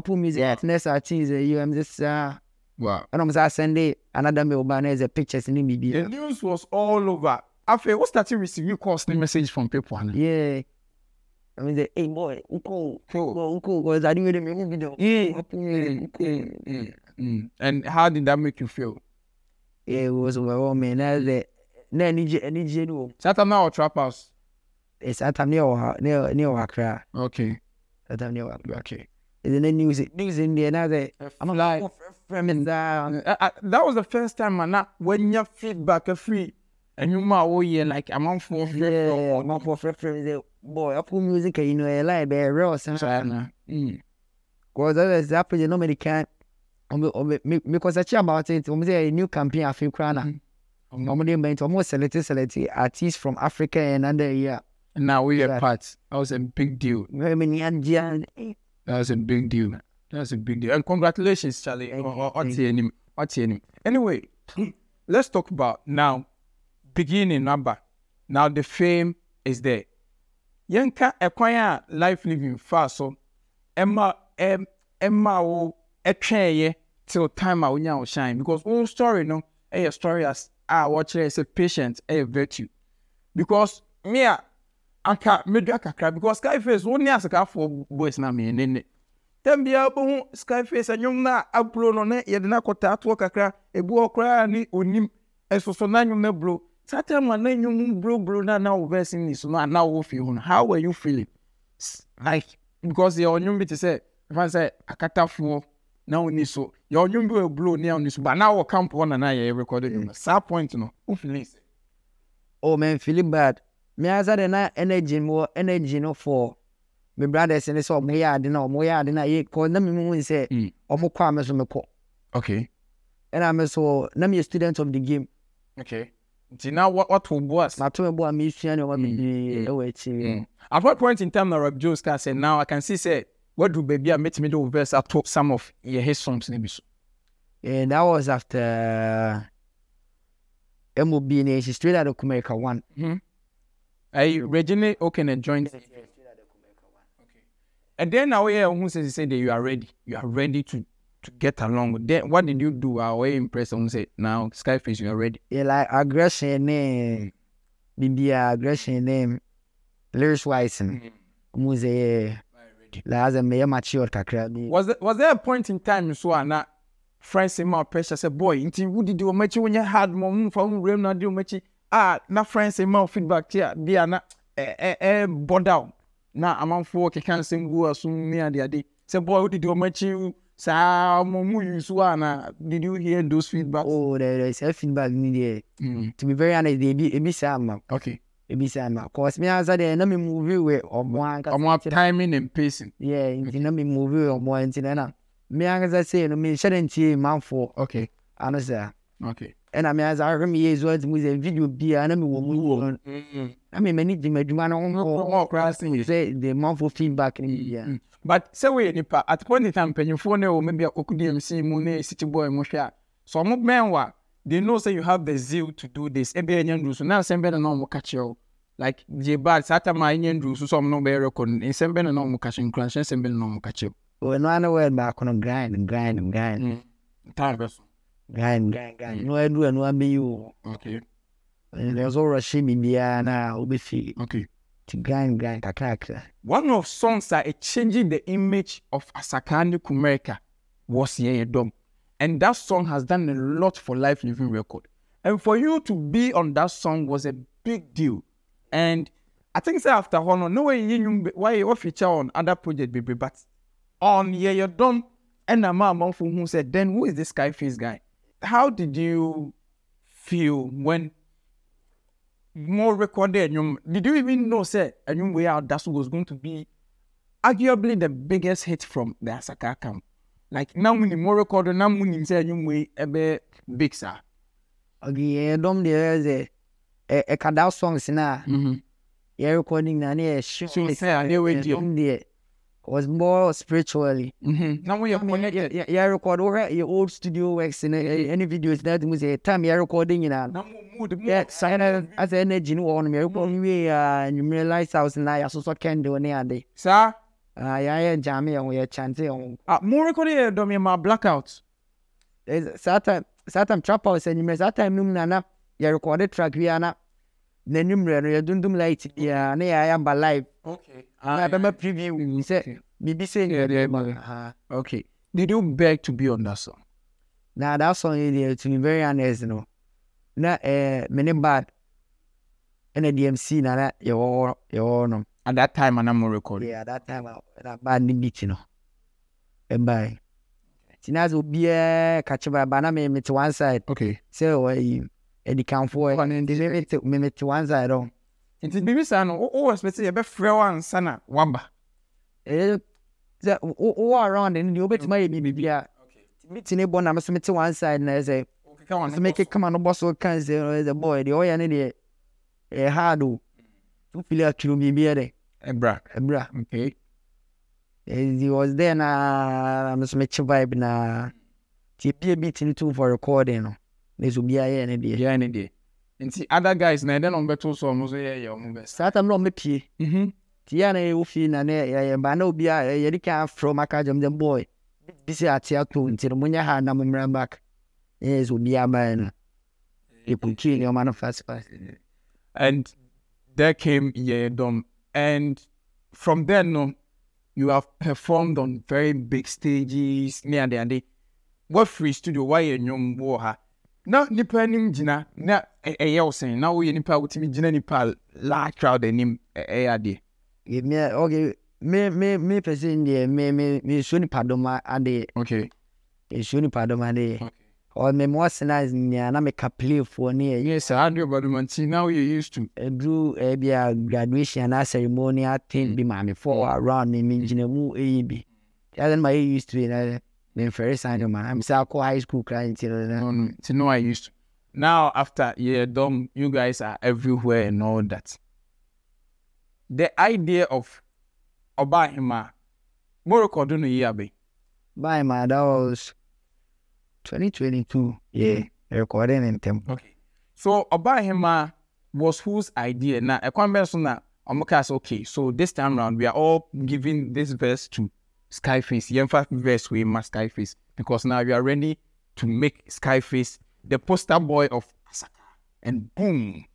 put Music yeah. next I you I'm this uh, Wow. And I'm saying Sunday another me open there pictures in me The news was all over. After what's that you receive constant message from people? Anna? Yeah. I mean, the, hey boy, uncle, cool. uncle, because I didn't really make video. Yeah. Mm, mm, mm, mm. And how did that make you feel? Yeah, it was overwhelming. That's the, na energy, energy, no. Saturday now, trap house. it's at time near near near Accra. Okay. At time near Is in the news news in there now? I'm like framing mm. down. That was the first time, man. When your feedback is free, and you ma whole year like I'm not for free. Yeah, I'm on for free. Is it boy? Apple music, you know, I like be real. China. Mm. Cause that's the apple. You know, many can't. because I hear about it, um, there a new campaign I feel crying. Normally, meant almost selected, selected artists from Africa and under here. Now we are parts. That was a big deal. That was a big deal. That was a big deal. And congratulations, Charlie. Anyway, let's talk about now beginning number. Now the fame is there. Yanka, acquire life living fast. So Emma Emma wo etweye till time a wonya shine because all story no a story as a watch. is a patient a virtue because me a anka medua kakra because skyface wo ne asekafoɔ boys na mmienu ne tam biara bɛhu skyface ɛnwom no a aburo no ne yɛde no akɔta atoɔ kakra ebi hɔ koraa ne onim ɛsoso n'anwom no buro saa tam a n'anwom buroburo no a na wo verse ni so no a na wo fie ho no how are you feeling like because yɛ ɔnwom bi te sɛ ɛfa sɛ akatafoɔ na wo ni so yɛ ɔnwom bi wɔ buro ne a wo ni so but na wɔ camp hɔ na na yɛ record nwom no mm. saa point no wo feeling sɛ oh man feeling bad meankasa deɛ na energy wɔ energy no for me brothers ne sɛ ɔmo yɛ ade na ɔmo yɛ ade na ye. kɔ na mímu hun sɛ ɔmo kɔ a me so me kɔ. okay. ɛna me so na me yɛ student of the game. okay nti na wato boas. na to me boas mi sua nneɛma bebree ɛwɔ akyire. at what point in time na rob jones ka sɛ now i can see sɛ wadu baabi a mɛtumi de wo verse ato some of yɛ his songs ne bi so. Yeah, that was after uh, MOB Nation, straight out of Kumeka one. Mm-hmm ayi regine okene joint and then na woyɛ ohun sɛ sɛ de you are ready you are ready to to get along then what did you do ah wey impress ohun sɛ now skyface you are ready. yeah, like aggression ne eh? bibia aggression ne eh? lyrics wise ohun sɛ yɛ like as a meyɛ matured kakra bi. was there was there a point in time so ah na friends ma pressure sɛ boy nti wudidi wɔn akyi wɔnyɛ hard ma wɔn nfa wɔn wura mu na de wɔn akyi a na friends ma wo feedback ti a bia na ɛɛ ɛɛ bɔ down na amanfoɔ keka nsɛm gu aso ne adeade sɛ bɔ wo didi wɔn akyi saa wɔn mu yi so a na did you hear those feedbacks? o dɛ dɛ sɛ feedback ni deɛ. Mm. to be very honest de ebi ebi saa ma. okay. ebi saa ma cause mi ansa deɛ na mi movie wɛ ɔmo ankasa. ɔmo timing and pacing. yeah nti na mi movie wɛ ɔmo nti na na mi ankasa sɛ no mi hyɛ de ntie manfoɔ. okay. ano saa. okay ɛna me asa ahwɛ me yɛ result mu sɛ video biaa na mewɔ mu mm, mm. na mem'ani gye m'adwuma no ho sɛ the manfo feedback no biaa mm, but sɛ woyɛ nipa at point in time mpanyimfoɔ no ɛwɔ mabi akɔku dmc mu ne city boy mu hwɛ a so ɔmo bɛn wa they know say you have the zeal to do this ɛbɛyɛ nyɛ nduru so na asɛm bɛn na ɔmo ka kyerɛ wo like gye bad saa tam a ɛnyɛ nduru so sɛ ɔmo no bɛyɛ record nsɛm bɛn na ɔmo ka kyerɛ nkuranhyɛ nsɛm bɛn na ɔmo ka kyerɛ wo. wɔn ano wɛ baako grind grind grind. time bɛ Gan gan gan na woaduru a na woabɛyi wo ho ɛno sɛ worɔhye biribiaa na wobɛfie nti gan gan kakrakra one of songs a it changing the image of asakane kumerika was yɛyɛ dɔm and that song has done a lot for life living record and for you to be on that song was a big deal and i think say after hɔ no na wɔyɛyɛ nwum wɔyɛ feature on other project bebree but on yɛyɛ dɔm ɛna ma amanfo hu sɛ then who is this face guy how did you feel when more recorded enyum did you even know say enyum way out that was going to be arguably the biggest hit from the asaka camp like na mu more mo now na mu ni say way a bit big Okay, ọgì ẹdọm de ẹ ẹsẹ ẹ ẹkada songs náà mm-hmm. yẹ recording náà ni ẹ ṣe ẹsẹ ẹdọm de ẹ was more spiritually. Mm-hmm. Now when you're connected, yeah, yeah, record over your old studio works in mm any videos that was a time you're recording in mood. Yeah, sign as energy no on me. Record me and you realize I was in I also can do any day. Sir. Ah, yeah, yeah, jammy and we're chanting. Ah, more recording your dummy my blackout. There's certain certain trap house and you may certain noon and up. You recorded track Viana n'anwummerɛ no yɛdondom light biara na yɛayɛ aba live okay. na ah, bɛma preview Bibi mm, sɛ biribi sɛ nyɛ okay did you beg to be on that song na that song yi eh, deɛ to be very honest no na eh, me ne bad ɛna dmc na na yɛwɔ yɛwɔ no at that time ana mo record yeah at that time ah, na bad ne beat no ɛbae eh. nti na sɛ obiaa ka kyɛ baba na me mete one side okay sɛ wɔayi adikanfoɔ memete wansa no wowɔ spɛsɛ wo around no deɛ wobɛtumi ayɛ biribibi a metene bɔ na meso mete one side na ɛsɛ so no bɔ so kan sɛ oh, bɔ deɛ ɔyɛ ne deɛ ɛyɛ o mm. wofili atwuro biribiɛ dɛ ɛbra ɛbra nti was there na meso mekye vibe na tibia ɛbia bi tene too for recording no nso biara yɛ ne deɛ biara ne deɛ nti other guys na ɛdɛ na ɔmo so ɔmo yɛ yɛ ɔmo bɛ na ɔmo pie ti yɛ na yɛ wofi na ne yɛ ba na obi a yɛ de jɛm ato nti no mo nya ha na mo back biara no ɔmo ano fast fast. and there came Yedom and from then no you have performed on very big stages near the end what free studio why you nyom wo ha na nipa anim gyina na ɛyɛ ɔsɛn na woyɛ nipa a wotumi gyina nipa laa crowd anim ɛyɛ adeɛ. mi ok mi mi mi pɛsɛ n deɛ mi mi mi nsuo nipa dɔm adeɛ. ok nsuo nipa dɔm adeɛ. ɔmɛ mu ɔsena nyinaa na mi ka play fo ne yɛ. yɛ sɛ na woyɛ used to. eduru ɛbi graduation na ceremony atin bi mm. maame fo mm. around ne mi gyina mu eyi bi yadɛ ma yɛ used to yɛ Then Ferris Adama. I'm still call high school crying till no, no, till no, I used to. Now after yeah, dom, you guys are everywhere and all that. The idea of Obahima, Morocco do no year be. By my that was two, Yeah, mm-hmm. recording in temple. Okay. So Obahima was whose idea? Now, a convention that I'm okay, so this time around we are all giving this verse to Skyface. Yenfa verse we must Skyface because now we are ready to make Skyface the poster boy of Asaka. And boom,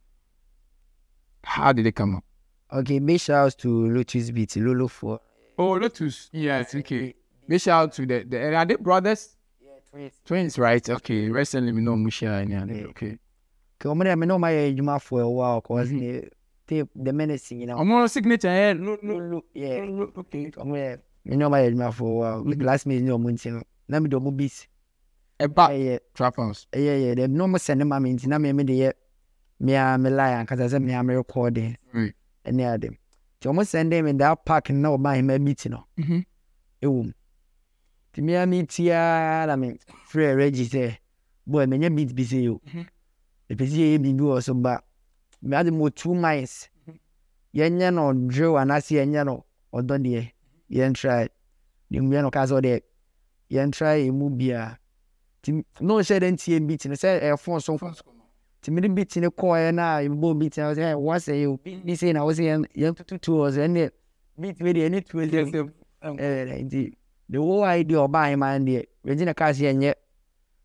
how did it come up? Okay, big shout to Lotus Beat, Lolo for. Oh, Lotus. Yes, okay. Big shout to the, the are they brothers? Yeah, twins. Twins, right? Okay. Recently, we know Musha and yeah. Okay. Kọmọdé mi náà know my ẹdwuma fọ ẹ wá ọkọ ọsìn tape the I'm náà. Ọmọ signature yẹ lolo. Ọmọ yẹ. me ne ɔma yɛ adwuma for a while me classmate mhm. ne ɔmo nti no na mede ɔmo bis ɛba ɛyɛ trap house ɛyɛ yɛ dɛ ne ɔmo sɛ ne ma me nti na me me de yɛ mea me lie ankasa sɛ mea me rekɔɔ den ɛne ade nti ɔmo sɛn dɛ me daa park na ɔba ahema meet no mhm. ɛwɔ mu nti mea me tia na me frɛ reggie sɛ boy menyɛ meet bi sɛ yo ɛpɛ mhm. sɛ yɛyɛ biribi wɔ so ba meade mɔ two miles yɛnyɛ no drill anaasɛ yɛnyɛ no ɔdɔ deɛ yɛntrae yɛnwia no ɔkaa sɛ ɔdeɛ yɛntrae ɛmu biaa nti na ɔhyɛ dɛ ntie bi tene sɛ ɛfo so nti mede bi tene kɔɛ no a mbɔ bi tene sɛ wa sɛ yɛ obi ni sei na wo sɛ yɛntototuo ɔ sɛ ɛneɛ bi tumi deɛ ɛne tuo sɛ nti the whole idea ɔbaa hema no deɛ regina kaa sɛ yɛnyɛ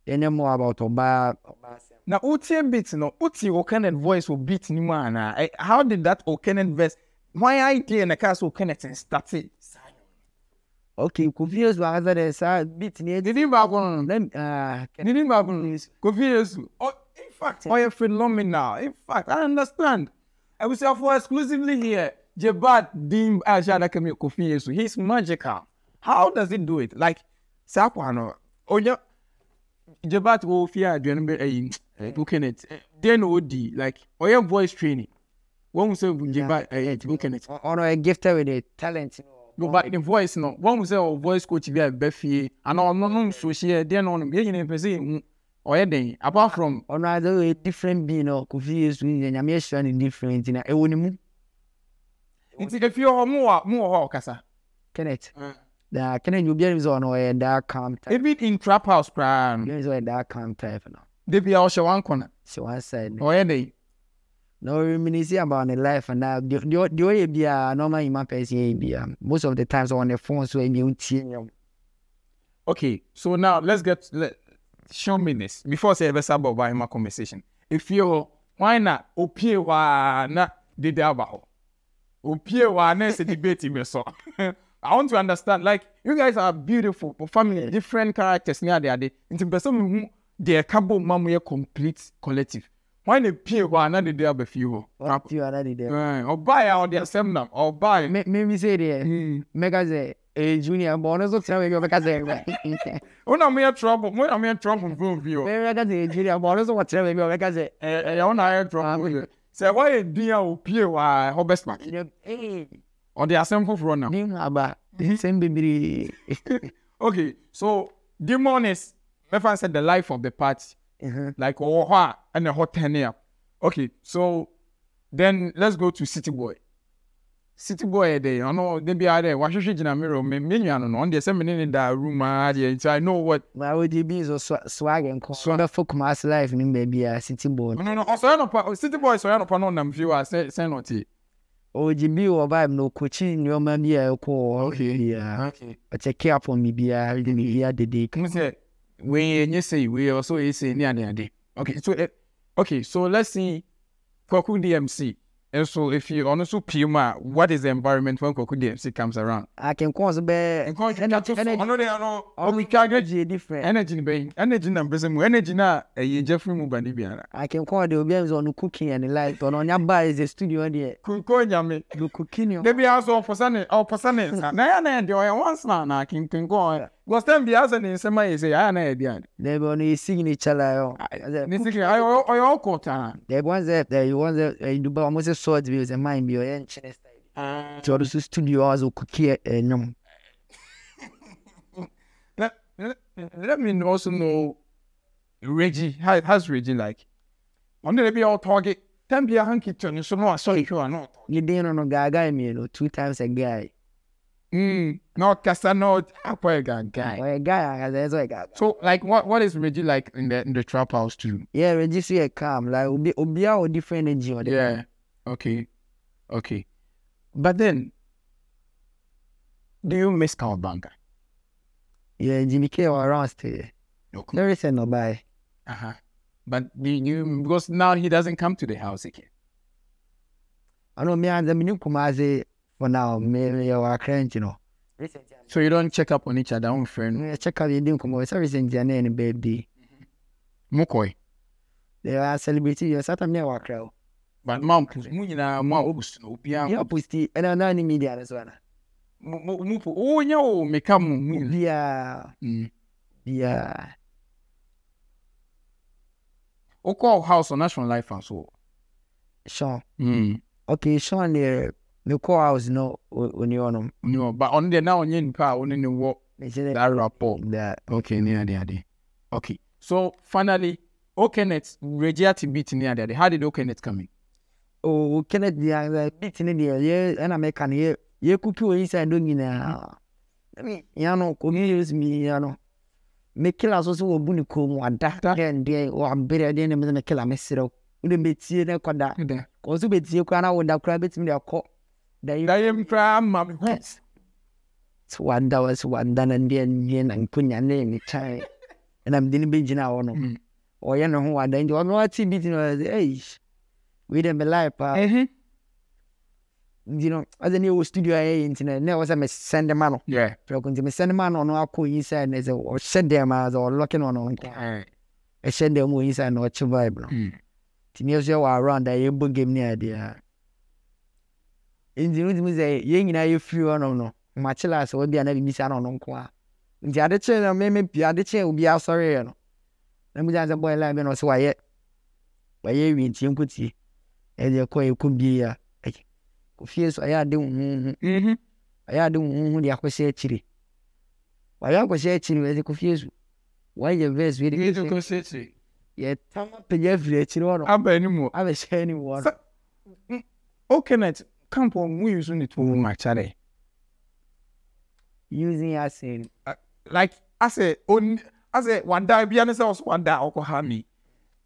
yɛnyɛ more about ɔbaa na wotie beat no wotie okenet voice wɔ beat no mu anaa how did that okenet verse why idea na kaa sɛ okenet n starte saa Okay, Kofi Yesu akasa dɛ saa beat ni. Nidin baako no. Lem aa. Nidin baako no. Kofi Yesu. In fact, ɔyɛ oh, phenomenal. In fact, I understand. Abusuafo exclusively here. Jebat Dim Ashada Kemi Kofi He is magical. How does he do it? Like, saa kwa Onye Jebat wo fi aduane bi ɛyi booking it. Den o di like ɔyɛ oh, voice training. Wɔn sɛ Jebat ɛyɛ booking it. Ɔno gifted with a talent. No yɛba voice no wɔn mu sɛ ɔ voice coach bi a ɛbɛ fie anaa ɔno no nso hyɛ deɛ no ɔno yɛn nyinaa mpɛ sɛ yɛn mu ɔyɛ den apart from. ɔno adé oyè different being ɔ kofi yesu nyina nyame ehyia ne different na ewo ne mu. nti efi hɔ mu wɔ mu wɔ hɔ ɔkasa. kenneth mm. daa kenneth obiara mi sɛ ɔno ɔyɛ daa calm type. ebi in trap house koraa no. obiara mi sɛ ɔyɛ daa calm type no. debi a ɔhyɛ one corner. hyɛ one side. ɔyɛ oh, den na reminiscing about the life and now uh, the deɛ ɔyɛ biara normal human person yɛ biara most of the times on the phone so I'm ntie nyɛm. okay so now let's get let, show me this before say ɛbɛ sábà ɔba human conversation If you why not opie waa na dede aba hɔ opie waa na ɛsɛ debate mi So I want to understand. Like you guys are beautiful, but family different characters near the other. Into person who their cabo mamu complete collective wọn ni pin hɔ ana de de aba fie hɔ. wọn ti ana de de. ɔbaa yà ɔdi asɛm nam ɔbaa. mɛ mɛ mi se deɛ mɛka sɛ ee junior bɔ ɔno so tẹn mi bi ɔbɛka sɛ ɛgbɛ. wọn na mu yɛ trɔpɔ mu na mu yɛ trɔpɔ fún fi o. mɛ mɛka sɛ ee junior bɔ ɔno so wɔ tẹn mi bi ɔbɛka sɛ. ɛ ɛ ɔna yɛ trɔpɔ yɛ sɛ wɔyɛ din a opie wa ɔbɛ smak. ɔdi asɛm foforɔ nam. ni aba nsɛm bebree. okay so demon is mɛfa sɛ the life of the party. Mm-hmm. like ɔwɔ and a hot ɛhɔ tɛne okay so then let's go to city boy city boy yɛ dɛ ɔno ne bi ara dɛ wahwehwɛ gyina mirror mi mi nua no no ɔno deɛ sɛ mi ne ne da room i know what. na awo di bi nso swag So ɔbɛ fo kumasi life me baby, a city boy. no no ɔsɔyɛ no pa city boy sɔyɛ no pa na ɔnam fie wa sɛ sɛ na ɔte. oji bi wɔ baabi na okokyi nneɛma bi a ɛkɔ wɔ hɔ care for me, bi a ɛdi mi bi a dede wei nye sei wei ɔso yɛ sei ne ade okay so uh, okay so let's see kwaku dmc and eh, so if you ɔno nso pii what is the environment when kwaku dmc comes around. I akenkun so bɛɛ ɔno de ɔno ɔmitwa energy different. energy be eh, energy na mpɛsɛ mu energy na ɛyɛ jeffrey mu bani biara. akenkun de obi a sɔ ɔno cooking and light ɔno ɔnya ba is a studio deɛ. Kuko nyame. no cooking yɛ. debi aso ɔpɔsɛ ne ɔpɔsɛ ne nsa na ya na yɛ once na na akenkun ɔyɛ gostan bi asa ne nsɛm ayɛ sɛ yɛa na yɛde ade dabi ɔno yɛ signature ne signature ɔyɛ ɔkɔ taa dabi wan sɛ wan sɛ duba ɔmo sɛ sɔɔt bi sɛ man bi ɔyɛ nkyene style nti ɔno so studio ɔwa sɛ ɔkɔkie ɛnwom let me also know Reggie how how's Reggie like ɔno de bi ɔwɔ tɔɔge tɛn bi ahanki tɔ ne so na wasɔ ehwɛ wa na ɔtɔ ne den no no gaagaa mmienu two times a guy Mm, not Casanot, ah, ah, ah, So, like, what what is Reggie like in the in the trap house too? Yeah, Reggie see a calm, like Obi be our different energy. Yeah. Time. Okay. Okay. But then, do you miss Cowabunga? Yeah, Jimmy K was around today. Okay. There is no buy. Uh huh. But do you because now he doesn't come to the house again. I know me and the Kumasi for now. Maybe mm. are client, you know. So you don't check up on each other, on friend. Yeah, check up. You didn't come over. Sorry, your name, baby. Mm-hmm. Mukoi. They are celebrating your Saturday near our crowd. But mom, mu nyinaa mu a wopost no obia yɛ posti ɛna na ne media as well. ana mupo wonyɛ wo meka mo mu biaa biaa wokɔ house on national life a so Sean. Mm. Okay, Sean, there ne kɔ house no oni hɔ nom ni hɔ ba ɔno deɛ na ɔnyɛ nipa a ɔne ne wɔ that rapport that okay ne ade ade okay so finally okenet regia ti beat ne ade ade how did okenet come in. o okenet deɛ beat ne deɛ yɛ ɛna mɛka no yɛ yɛ kuki wɔ inside do nyinaa yano komi yɛ mi yano mɛ kila so so wɔ bu ne kɔn mu ada ɛn deɛ wɔ abere ɛdeɛ ne mɛ kila mɛ serew o de mɛ tie ne kɔ da kɔnso bɛ tie kura na wɔ da kura bɛ timi de akɔ. dairamtramamwes wanda was wanda na ndị nye na nkonya na emechae na mde ne bɛgyina hɔ no ɔyɛ ne ho wada nti ɔno ate bi ti no ɔsɛ ei wei dɛ nti no ɔsɛ ne yɛwɔ studio a yɛyɛ nti no ne ɛwɔ sɛ mesɛnde ma no prɛko nti mesɛnde ma no ɔno akɔ yi sɛ ne sɛ ɔhyɛ dɛm a sɛ ɔlɔke no ɔno ɛhyɛ dɛm wɔ yi sɛ na ɔkye vibe no nti ne yɛso yɛwɔ around a yɛbɔ game ne adeɛ a Enti mitimi sɛ yɛn nyinaa yɛfiri hɔnom no a na no ɔno nko nti ade kyee no meme pii ade kyee obiaa sɔreeɛ no na mugyaa sɛ bɔyɛ line na ɔse wayɛ wayɛ awie nti yɛnkɔtie ɛdeɛ ɛkɔ bie a so ɔyɛ ade mhm. ɔyɛ ade de akɔhyɛ akyire wayɛ akɔhyɛ akyire ɛde kɔfie so wayɛ kɔhyɛ akyire akyire aba anim hɔ abɛhyɛ anim hɔ no compound we using it too much mm. are Using as in uh, like as a on as a one day be honest also one day oko ha me.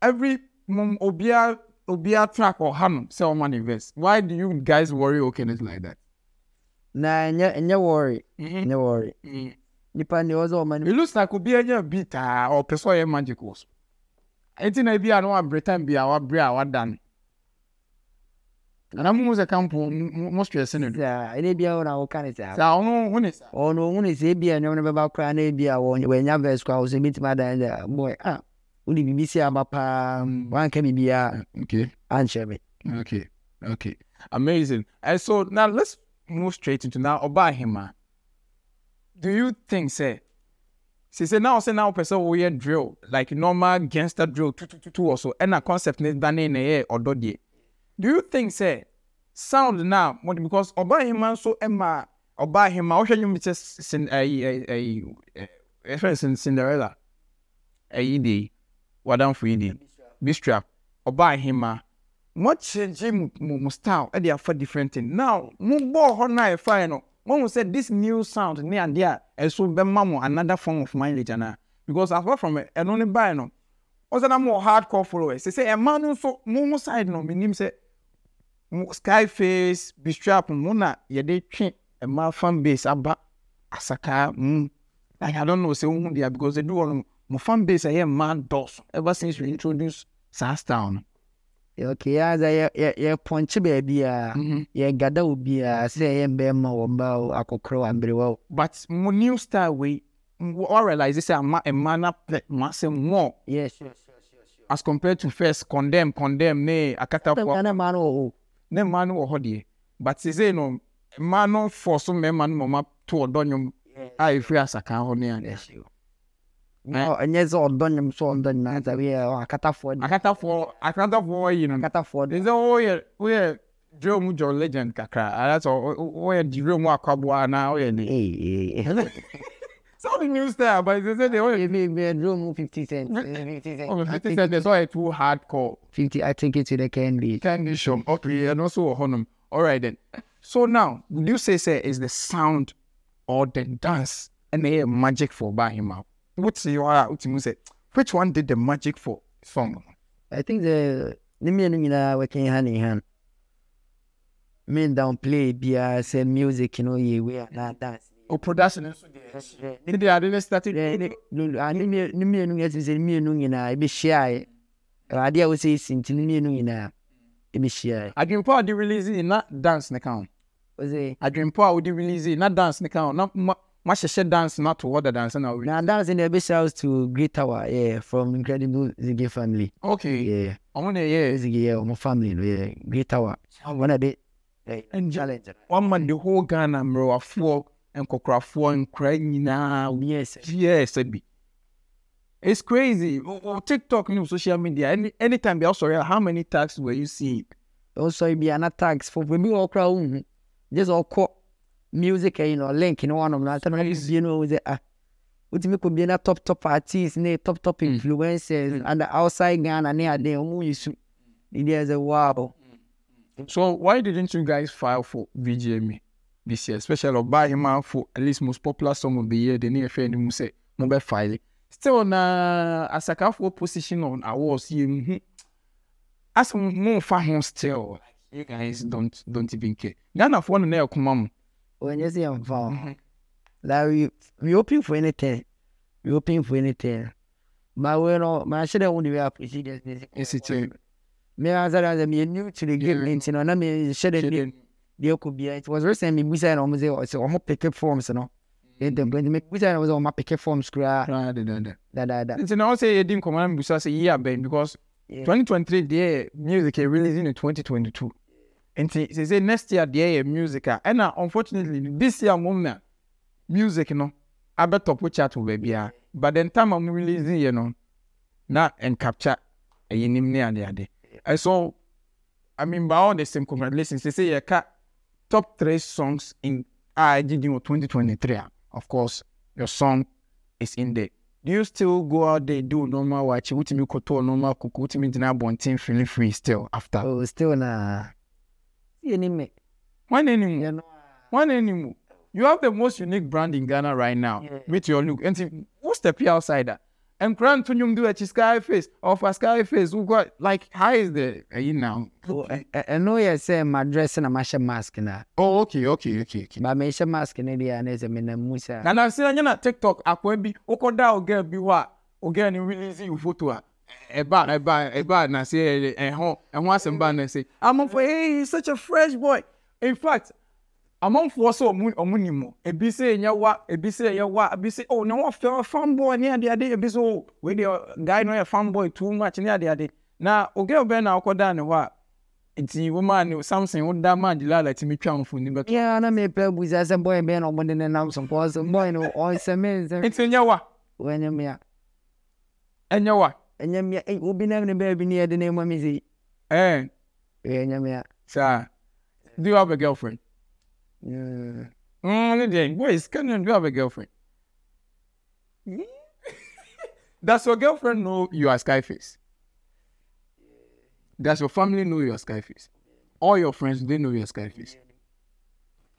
Every mum obia obia track or hand sell oh, money invest. Why do you guys worry okay it's like that? Nah, nye, nye worry. Mm-hmm. Nye worry. Mm-hmm. Nipa ni ọzọ ọma ni. It looks like obi anya bi taa ọ pẹ sọ magic also. anything I be a na wa bretan bi a wa bre a wa dan ana mu sɛ kampo mo stress ne do ɛne bia wo na woka ne saa ɔno wo ne saa ɔno wo ne sɛ ebia nnwom no bɛba koraa na ebia wɔanya verse koraa wo sɛ bɛtumi adan dɛ boy a wode biribi sɛ aba paa mm. woanka biribiaa ankyerɛ me okay okay amazing and eh, so now let's move straight into now ɔba ahema do you think sɛ sɛ sɛ na ɔsɛ na wopɛ sɛ woyɛ drill like normal gangster drill tutututu wɔ so ɛna concept ne dane na ɛyɛ ɔdɔ deɛ do you think sɛ sound na wɔde because ɔbaa ahema nso ma ɔbaa ahema ɔhwɛ nyom sɛ sin ayi ayi ɛfɛn sin cinderella ayi de yi wadanfo yi de yi bistra ɔbaa ahema mo change mo mo mo style ɛde afa different thing now mo bɔɔ hɔ na ɛfa yɛ no mo hu sɛ this new sound ne adeɛ a ɛso bɛma mo another form of mileage ana because apart from ɛno ne baa yɛ no ɔsɛ na mo wɔ hardcore followers sɛ sɛ ɛma no nso mo ho side no mo nim sɛ skyface bishop mu na yɛde twe mmaa fan base aba asakaa mu like i don't know sɛ wohu dea because ɛdu hɔ no mo fan base ɛyɛ mmaa dɔɔso ever since we introduce saa style no okay yeah, yeah, pɔnkye baabiaa mm-hmm. yɛgada wo biaa sɛ yɛyɛ mbɛɛma wɔ mba o akɔkorɔ amberewa o but mo new style wei warealise sɛ ama mmaa no pɛ mo asɛm more yes, yes, yes, yes, as compared to first condemn condemn ne akatafoɔ na mmaa no wɔ hɔ deɛ but sesei no mmaa no fɔ so mmarima no mɔma to ɔdɔ nnwom a ɛfiri asakaa hɔ ne a ɛnyɛ sɛ ɔdɔ nnwom so ɔdɔ nyinaa sɛ woyɛ akatafoɔ akatafoɔ akatafoɔ yi no akatafoɔ de sɛ woyɛ woyɛ drill mu legend kakra anaasɛ drill mu anaa Some of the new style, but they said they only. Maybe bedroom 50 cents. 50 cents. Oh, 50 cents. That's why it's too hardcore. 50, I take it to the candy. Candy shop. Okay, and also a honum. All right then. So now, would you say, sir, is the sound or the dance and the magic for by him out? What's your, which one did the magic for song? I think the ne mmienu nyinaa working hand in hand Men downplay biara sɛ music you know. yɛ wei anaa dance o production nso deɛ ne deɛ ade ne start ne ne mmienu yɛ sɛ ne mmienu nyinaa ebɛhyia yɛ adeɛ a wɔsɛ esi nti ne mmienu nyinaa ebɛhyia yɛ. adwempa a ɔde release yi na dance ne ka ho. ɔsɛ adwempa a ɔde release yi na dance ne ka ho na ma ma hyehyɛ dance na to wɔ da dance na ɔre. na dance na ebi shout to great tower yeah, from incredible zigi family. okay ɔmo na ɛyɛ zigi yɛ ɔmo family no yɛ great tower wɔn na de. challenge. wɔn ma the whole ghana mmerɛwafoɔ nkɔkorafoɔ nkora nyinaa yɛ bi it's crazy oh, tiktok new social media any anytime bi asɔre a how many tags were you seeing. ɔsɔre bi ana tags for ebi wɔ ɔkora ohun just ɔkɔ music ɛyin na link ni wɔn nom na asɛm na bie no sɛ ah wotumi kɔ bie na top top artists ne top top mm. influencers and mm. outside ghana ne adeɛ ɔmo yi su ne deɛ sɛ wow. Mm. so why didn't you guys file for vgma. E? this year, especially by him for at least most popular song of the year, the near fair name say number five. Still na uh, as a careful position on awards, you hmm, as more far still. you guys don't don't even care. Ghana for one nail come When you say I'm far, like we we hoping for anything. We hoping for anything. But we know my children won't even appreciate this music. It's a Me answer that I'm new to the game, you know, and I'm shedding deɛ kɔ bia it was recent mebusae na ɔm sɛ sɛ ɔmo peke forms no mebusae na ɔm sɛ ɔma peke forms koraa dadaada nti na ɔsɛ yɛdi nkɔmmɔ na mebusa sɛ yi abɛn because yeah. 2023 deɛ music yɛ releasing no 2022 nti sɛsɛ next year deɛ music a ɛna unfortunately this year mom na uh, music no abɛtɔpo chat wɔ baabiaa but the time a mo releasing yɛ no na ɛncapture ɛyɛ eh, nim ne adeade ɛso I mean, by all the same congratulations, they say you can't top three songs in IGDO 2023. Ah. Of course, your song is in there. Do you still go out there do normal watch? What me koto normal cook? What me dinner bontin feeling free still after? Oh, still na. Any me? One anymore. One anymore. You have the most unique brand in Ghana right now yeah. with your look. And see, who's the outsider? nkura to do akyi skyface ɔfa skyface wokɔ like how is the know. I know yɛ sɛ my dress and mahyɛ mask na. oh okay okay okay. okay. ba mehyɛ mask ne deɛ ne sɛ menam mu And na nansi na nye na tiktok akwa bi wokɔ da ɔgɛn bi hɔ a ɔgɛn ni release yɛ photo a ɛba And I say, se ɛho ɛho asɛm ba say." I'm amafo hey he such a fresh boy in fact amanfoɔ sɛ ɔmo ɔmo nimu ebi sɛ ɛnyɛ wa ebi sɛ ɛyɛ wa ebi sɛ ɔɔ oh, na wɔn fɛ fanbɔɔ ne adeade ebi sɛ ɔɔ oh, wei deɛ guy no yɛ fanbɔɔ too much ne adeade na oge ɔbɛn na ɔkɔ dan ne hɔ a nti wɔmaa ne samson wo da maa gilala tumi twa mfoni bɛtɔ. yɛ na mi pɛ busa sɛ bɔyɛ bɛyɛ na ɔmo de ne nam so pɔs bɔyɛ no ɔsɛ mi nsɛm. nti ɛnyɛ wa. ɛnyɛ mia. ɛnyɛ wa. ɛnyɛ mia eh, obi nam ne bɛɛ bi yɛ de ne ma mi ɛɛ. ɛnyɛ mia. saa do you have a girlfriend. Yeah. Ah, only thing, boy, it's kind of, do you have a girlfriend? Hmm? Does your girlfriend know you are Skyface? Does your family know you are Skyface? All your friends, they know you are Skyface.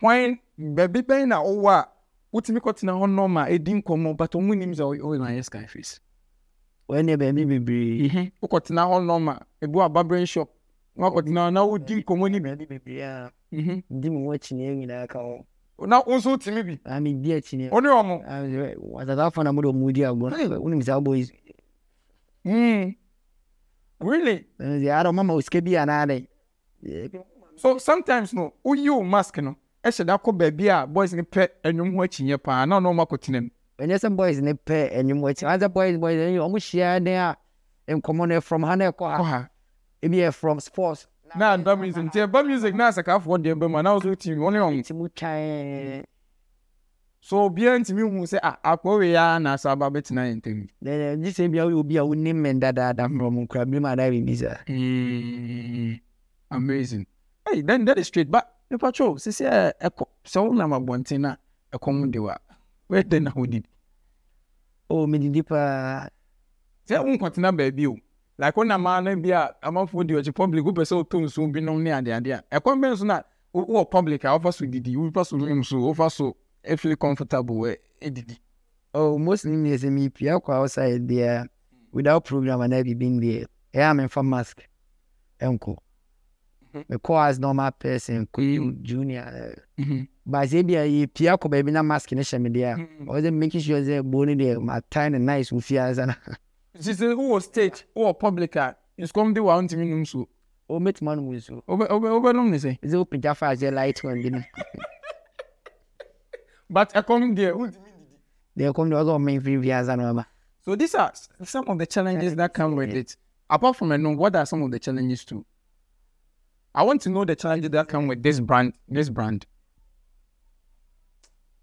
When baby baby na owa What's me cutting on normal? It didn't come up, but on names are all my Skyface. When you baby baby, who cutting on normal? A boy, barbering shop. What now? Now, would you come on him? Mm-hmm. di mu mu akyinia nyinaa ka ho na wo nso tumi bi ami di akyinia wo ne ɔmo asasafo na mo de ɔmo di agorɔ wo ne misa boys really ɛnzi ara ɔmama osike bi anaa de so sometimes no woyi wo mask no ɛhyɛ da kɔ baabi a boys no pɛ anwom ho akyinyɛ paa na ɔno ɔmo akɔtena mu ɛnyɛ sɛ boys no pɛ anwom akyi wansa boys boys ɔmo hyia den a nkɔmmɔ no from ha na ɛkɔ ha ebi yɛ from sports na nda music nti ɛba music na asakafoɔ deɛ bɛ mu a na wɔn nso ti wɔn ne wɔn. ti mu twae. Ah, ah, so obiara ntumi hu sɛ akɔwe ya na asa aba bɛtena yɛn ntam. dɛdɛ gye bia woyɛ obi a wonim mɛ dadaada mmorɔm nkura bi ma adaa bɛmi sa. amazing hey then that is straight but nipa tso sisi ɛ ɛkɔ sɛ wɔn nam abɔnten na ɛkɔm de wa wɛdɛ na wɔn didi. o mi didi paa. sɛ wɔn nkɔtena baabi o like wọn nam ana bi a amanfoɔ di ɔkye public wopɛ sɛ ɔtɔ nsuo bi nom ne adeade a ɛkwan bɛn so na wowɔ public a wofa so didi wofa so nom so wofa so ɛfili comfortable ɛdidi oh most nim yɛ sɛ mepia kɔ outside deɛ without program anaa biribi n deɛ ɛyɛ a memfa mask ɛnkɔ mm-hmm. mekɔ as normal person kɔyɛ mm-hmm. junior mm-hmm. but sɛ bia yɛpia kɔ baabi na mask no hyɛ me deɛ a ɔsɛ making sure sɛ bo no deɛ matae ne nice wo fie na sisi wowɔ state wowɔ public a nsukɔm de wa ntumi num nsuo wobɛtumi anom nsuo wobɛnom ne sɛ sɛ wopagya fa sɛ light one bi no but ɛkɔm deɛ wontumi didi deɛ ɛkɔm deɛ ɔsɛ ɔmɛn firi biasa no aba so these are some of the challenges that come with it apart from ɛnom what are some of the challenges too I want to know the challenges that come with this brand this brand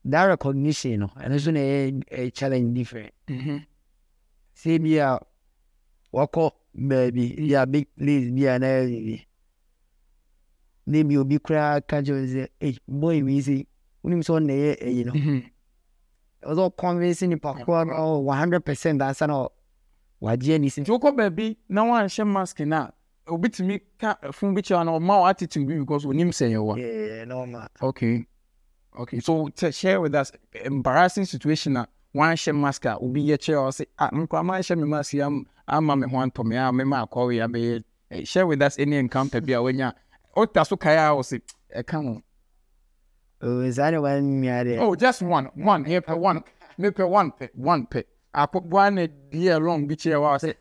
that recognition know, eh, and so a a challenge different mm -hmm sei bi a wakɔ baabi bi a big place bi a na ayɛ biribi na ebi obi koraa ka kyerɛ no sɛ ei boy wei sei wonim sɛ ɔnna ɛyɛ ɛyi no ɛwɔ sɛ ɔconvince nipa no ɔ one hundred percent ansa na wagye ani si. nti wokɔ baabi na wanhyɛ mask na obi tumi ka fun bi kyerɛ no ɔma o attitude bi because onim sɛ yɛ wa. yeah normal. okay okay so share with us embarrassing situation na wanhyɛ mask a obi yɛ kyerɛ ɔ sɛ ah nkora manhyɛ me mask yi ama me ho antɔme a mema akɔre a bɛyɛ eh, share with us any encounter bi a wanya ɔta so kae a wɔ sɛ ɛka eh, ho saa ne wamia deɛ oh just one one mepɛ one Me mepɛ one pɛ one pɛ akɔboa ne deɛ long bi kyerɛ wɔ a ah, sɛ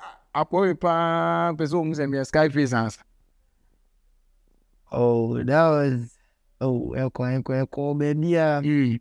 akɔre paa pɛ sɛ ɔmu sɛ meyɛ sky face oh that was oh ɛkɔ ɛkɔ ɛkɔ baabi a mm.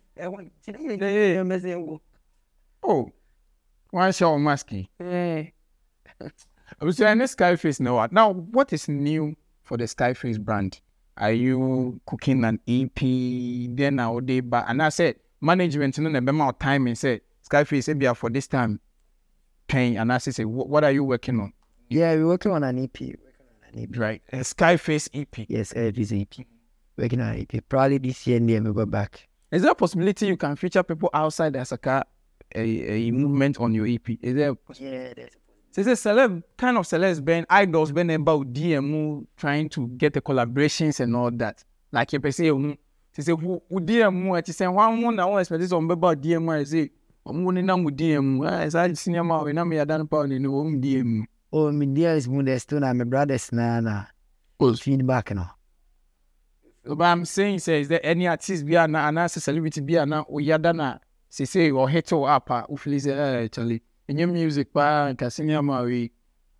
Oh, why shall masking? I was saying Skyface now. Now, what is new for the Skyface brand? Are you cooking an EP? Then I would back. and I said management know, the amount of time and said Skyface be for this time. Pain and I say what are you working on? Yeah, we're working on an EP. On an EP. Right, a Skyface EP. Yes, it is EP. Working on an EP. Probably this year, near we go back. Is there a possibility you can feature people outside the Asaka a, a mm. movement on your EP? Is there? Yeah, there's a so it's celeb kind of celebs band idols band about DMU trying to get the collaborations and all that. Like you say, mm, you say who DMU? I say one one I want ah, expect oh, this on about DMU. I say ọmọ ní nàmú dm ẹsẹ àti sinimá ọwẹ nàmú yàda nípa ọ̀nà ni wọ́n mu dm. o mi deals mu dẹ̀ still na mi brothers náà na feedback náà. No? but i'm saying sir, is there any artist bi ana anaasɛ celebrity bi ana oyada na sese or wɔ app a wofili sɛ actually? In your music paa nkase ne ama wei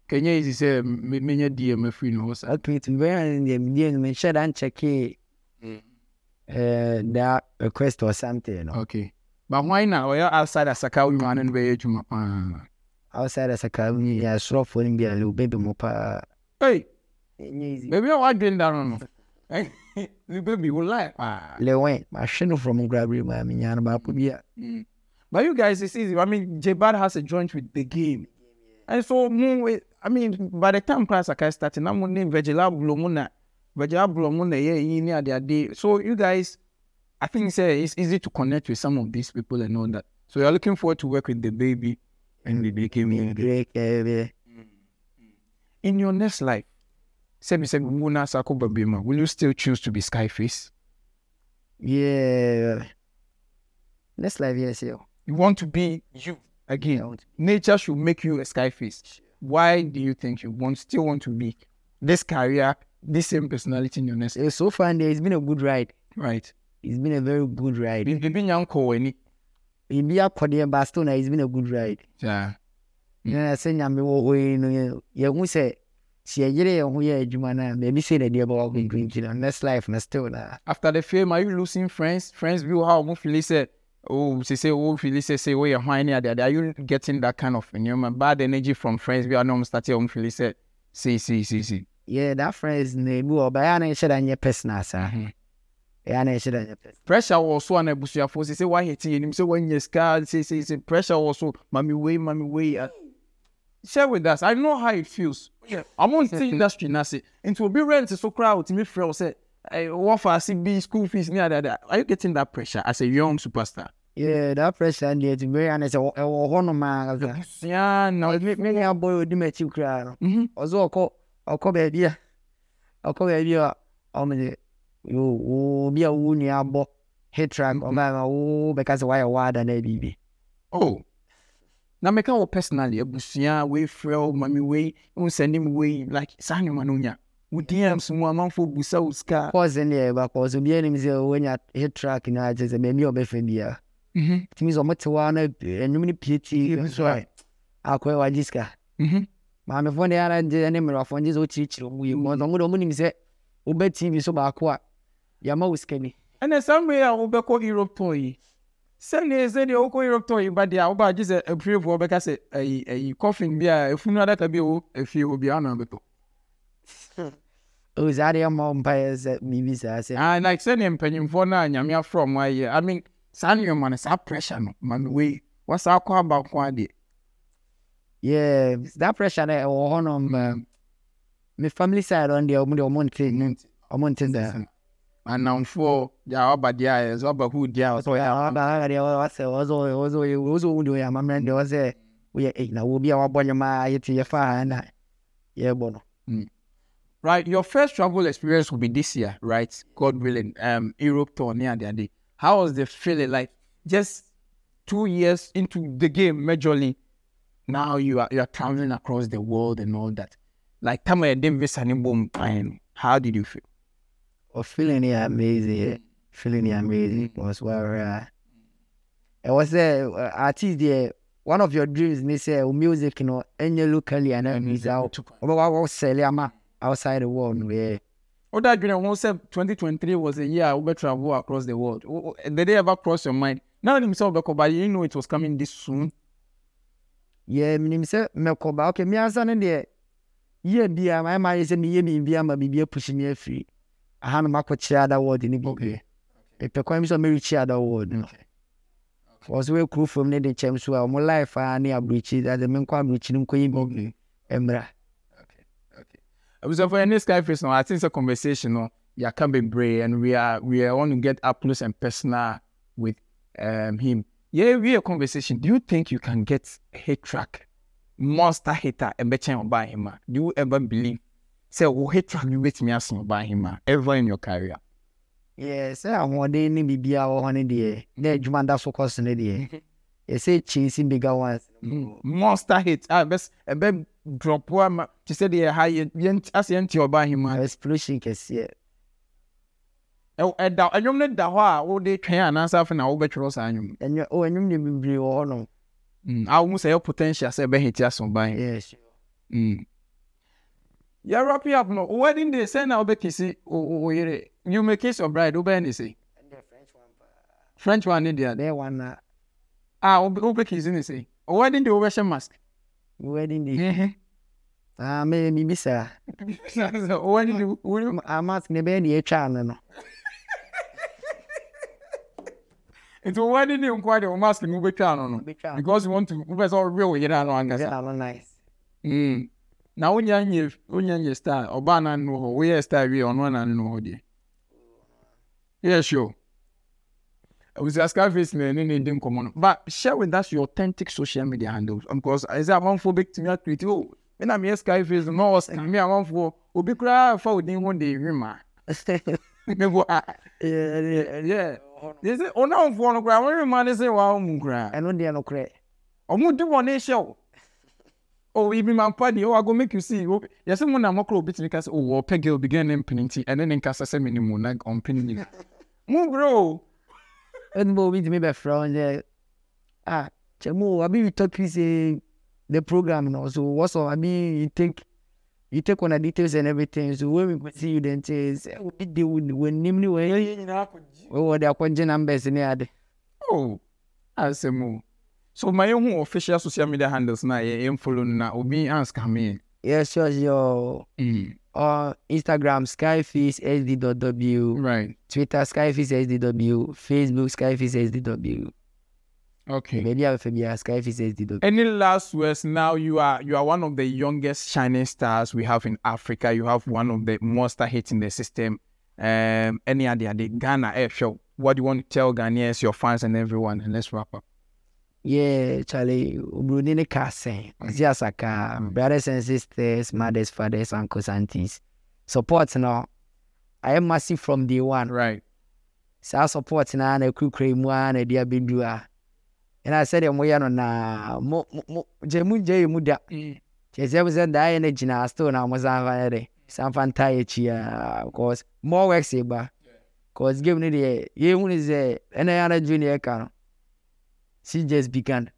kɛnyɛ easy sɛ uh, menya dm afiri no hɔ saa okay to be honest deɛ mdm no mehyɛ da nkyɛke that request or something okay but why na ɔyɛ outside asaka wo nwane no bɛyɛ adwuma paa outside asaka wo yɛ asorɔfoɔ no bi a lɛ wobɛbi mu paa baabi a woadwen da no no nipa bi wo lie paa. lewen mahwɛ from nkurabere my mi nyaa no but you guys it's easy i mean jebad has a joint with the game and so i mean by the time class can start I'm ne virgil abloh mu na virgil abloh mu na Adi. so you guys i think say it's easy to connect with some of these people and all that so you are looking forward to work with the baby and mm, the baby. Mm, mm. in your next life me say Muna Sako Babima, will you still choose to be Skyface? Yeah. Next life, yes, yo. Oh. You want to be you again. Nature should make you a Skyface. Why do you think you want still want to be this career, this same personality in your next? so far, eh? It's been a good ride. Right. It's been a very good ride. It's been uncle any. It be a for the It's been a good ride. Yeah. You Yeah, I say, I'm going to say, Siejere on here, Jumana, maybe say the dear boy will drink, you next life, next still. After the film, are you losing friends? Friends view how Mufili said, Oh, she say, Oh, Philly say, say, where you're whining at Are you getting that kind of you know, bad energy from friends? We are not starting on Philly said, See, see, see, see. Yeah, that friend's name, or by an ancient and your personal, sir. pressure also. wɔ so ana abusuafoɔ sɛ sɛ woahete anim sɛ woanya sika sɛ pressure also. so way. wei way. share with us i know how it feels yeah ọmọ n ti industry na se nti obi rent so koraa o ti mi fẹ o sẹ ẹ wọ́n fa ase bi school fees ni adada ah, are you getting that pressure as a young superstar. yeah that pressure dey to very honest ẹwọ hɔnom a kaka. sian na mi mi ni abọ odi mi ekyi koraa no. ọzọ ọkọ ọkọ beebi a ọkọ beebi a ọmọ de yoo obi a wo ni abọ hit track ọba mm-hmm. ma wo bẹka sẹ wayẹ wada na ebi bi. oh na mɛka wɔ personally abusua wei frɛ wo mame wei wo sɛne wei like saa nnwoma no wonya wo dms mu amanfoɔ busa wo sika pause ne ɛba pause obiaa nim sɛ woanya he track no agye sɛ baabi ɔbɛfa biaa mhm. tumi sɛ ɔmote hɔ a na ɛnwom no pie ti akɔɛ wagye sika mhm. maamefoɔ ne ara gye ne mmerɛwafoɔ gye sɛ wokyirikyiri mu yi mɔsɛ ɔmo de ɔmo nim sɛ wobɛ so baako a yɛama wo sika ni ɛnɛ saa mmerɛ a wobɛkɔ europe tour yi sɛnea sɛdeɛ wokɔ europe tɔ yiba deɛ a wobagye sɛ apurefoɔ bɛka sɛ ayi ayi coffin bi a afunu adaka bi ɛwɔ afie hɔ biara na bɛtɔ saa deɛ ma mpaeɛ sɛ biribi saa sɛ ah, like sɛdeɛ mpanyimfoɔ no a nyame aforɔ mo ayɛ i mean saa nneɔma no saa pressure no ma me wei wasaa kɔ aba adeɛ yeah that pressure no ɛwɔ hɔ no um, me family side on deɛ ɔmo deɛ ɔmo nte ɔmo nte saa Right, your first travel experience will be this year, right? God willing, um, Europe tour near the day. How was the feeling? Like just two years into the game, majorly. Now you are you are traveling across the world and all that. Like, time I didn't visit any boom. How did you feel? Well, feeling yeah amazing. Feeling yeah amazing mm. was where uh, it was a Uh, artist there. One of your dreams, and they say oh, music, you know, and you locally and then is out. Although I was selling outside the world, yeah. Oh, that dream, once 2023 was a year I would travel across the world. Did they ever cross your mind? Now that himself, but you didn't know it was coming this soon. Yeah, me say, me okay, me answer in there. Yeah, dear, my mind is in the year, me, I'm a baby pushing me free. aha na makɔkyerɛ ada word no bi mepɛ kwan bi sɛ ɔmɛrekyi ada word no ɔ so wɔakuru fam ne de kyɛm so a ɔmo life a ne aburokyi ade menkɔ Okay. Okay. nkɔyi bi mmra abusuafo ɛne skyface no i think sɛ conversation no yɛaka bebree and we are we are want to get up close and personal with um, him yeah we are conversation do you think you can get a hit track monster hitter and bet on by him do you ever believe sɛ wo hatred bi bɛtumi asen ɔba ahema ever in your career yeah, sɛ ahoɔden ne biribia wɔ hɔ no deɛ na mm-hmm. adwuma da so kɔ so mm-hmm. no deɛ yɛsɛ chasing bigger ones monster hit ah, bɛs ɛbɛ drop wa ma te sɛ deɛ ha asɛ yɛnte ɔba ahema explosion kɛseɛ ɛda ɛnwom no da hɔ a wode twɛn anaasɛ afe na wobɛtwerɛ saa nwom ɛnwom ne bebree wɔ hɔ no mm, a wo mu sɛ yɛ potential sɛ ɛbɛhete aso ban yes. mm yɛ wrap it up no wedding day sɛ na wobɛkisi wo yere you may kiss your bride wobɛyɛ ne sei french one ne deɛ deɛ one na a wobɛkisi ne sei wedding day wobɛhyɛ mask wedding day eh, eh. Ah, me mi bisa. Wedding day, a ah, mask ne bɛyɛ deɛ atwa ano no. nti wɔde ne nkwa de wɔn mask mu bɛtwa ano no because you want to wopɛ sɛ ɔwe wo yere ano ankasa. Yere ano nice. Mm. na wonya nye wonya nye star ɔbaa na nnu hɔ woyɛ star wie ɔno na nnu hɔ deɛ yɛ sure ewusi face na ɛne ne di nkɔmɔ no but share with us your authentic social media handles because ɛsɛ oh, amanfo bi tumi atwiti o mi na mi yɛ face na ɔwɔ scam mi amanfo obi koraa fa odin ho de ewi ma nebo a yɛ yɛ no koraa wɔn ewi ma ne se koraa ɛno deɛ no korɛ di wɔn ne oh ebi ma mpa deɛ oh i go make you see yɛsɛ mu na mɔkora obi tumi ka sɛ oh wɔpɛ oh, girl begin gɛn ne mpene nti ɛne ne nkasa sɛ mene mu na ɔmpene ni mu bro ɛnuma obi tumi bɛfrɛ wo sɛ ah kyɛmu abi we talk to me say the program no so what's up i mean you take you take on the details and everything so when we go see you then say sɛ obi de wo ni w'anim ni wɔn yɛ nyinaa akɔgye wɔde akɔgye numbers ne ade oh asɛm o So my own official social media handles now, yeah, I'm following now. Obi ask me. Yeah, sure, yo. Mm. Uh, Instagram skyfish Right. Twitter skyfish Facebook skyfish Okay. Maybe I'm familiar. Skyfish sdw. Any last words? Now you are you are one of the youngest shining stars we have in Africa. You have one of the monster hits in the system. Um, any idea the Ghana air eh, show? What do you want to tell Ghanaians, your fans, and everyone? And let's wrap up. Yeah, Charlie, Brunini Kase, Ziasaka, mm. brothers and sisters, mothers, fathers, uncles, aunties. Support now. I am massive from day one. Right. So I support now and a crew cream one, a dear And I said, I'm wearing na mo Jemu J Muda. Jesse was stone na energy now, still now was Avare. Some of course, more work saber. Cause give me the, you is a junior account. she just began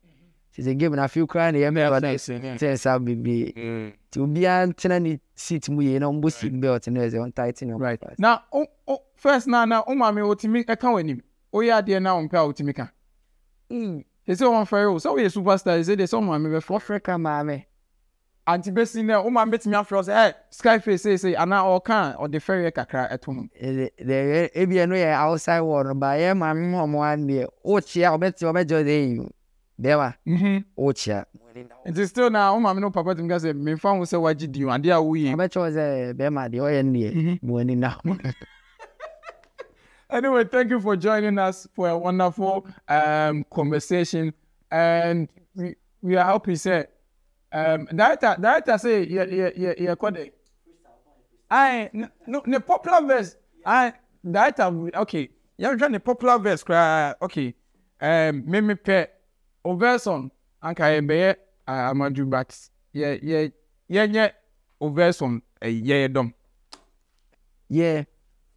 She said, "Give sɛ sɛ game na afei koraa na yɛmɛ ba sɛ saa bebree nti obiaa ntena ne seat mu yei na ɔmbɔ seat belt no ɛsɛ ɔntighten ɔ na o o first na na wo maame wotumi ɛka w'anim woyɛ adeɛ na wompɛ He wotumi ka ɛsɛ wɔmfɛre wo "We're woyɛ superstar ɛsɛ deɛ sɛ wo maame bɛfrɛ ɔfrɛ ka maame anti besi na o maa betumi afrɛ sɛ ɛ skyface seesei anaa ɔka ɔde fɛrɛ kakra ɛto mu. ɛdɛ eh, ebi ɛnu yɛ outside world ba yɛ maame mu ɔmo adeɛ o kyia ɔbɛti ɔbɛgye ɔde eyi bɛɛma. Mhm. o kyia. nti still na o maame no papa tumi ka sɛ mmefa ho sɛ wagye di o adeɛ a woyɛ. ɔbɛkyɛ sɛ bɛɛma deɛ ɔyɛ nneɛ mu mhm. ani na. anyway thank you for joining us for a wonderful um, conversation and we, we are happy say um, director director say yɛ yɛ yɛ yɛ kɔ de ayi ne popular verse ayi director okay yɛhwɛ ne popular verse koraa okay um, mímí pɛ o verse on anka yɛ bɛyɛ uh, amadu but yɛ yɛ yɛ nyɛ o verse on ɛyi yɛ yɛ dɔm. yɛ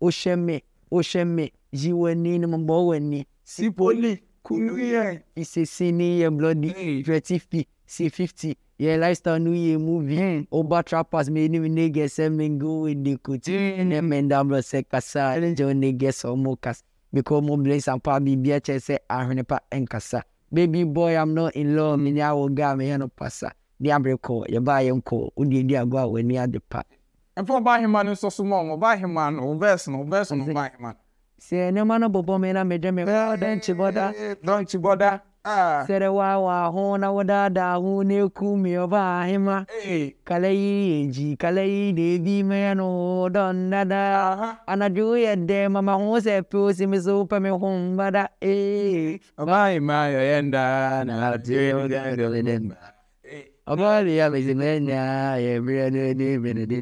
o hyɛ mi o hyɛ mi yi wɔ ni ne bɔ wɔ ni sipoli kunu yɛ isesini yɛ blɔdi twenty p c fifty. Yeah, lifestyle new, je movie. Oba mm. trappers me ni ne gese mingo in de couture men mendamlo se kasa. Jo ne gese omo kasa. Because mo bless and pa bi bia che se ahwene pa en kasa. Baby boy, I'm not in love. Me nya wo ga me no pasa. Ni abre ko, ye ba ye nko. Udi di agwa we ni ade pa. And for buy him man so small, mo buy him man, o verse no, verse no buy him man. Se ne man no bobo me na me de me. Don't you bother. Don't you bother. Ah. sɛrɛ waa waa hɔn na wada daa hɔn ne ku mi ɔba ahima kala yi yeji kala yi de bi mɛ no dɔn dada yɛ dɛ mama hɔn sɛ pio si mi so pɛ mi hɔn bada. ɔba mm-hmm. yi ma yɔ nda na ti yɛ gɛ gɛ ne ma ɔba yi ya mi si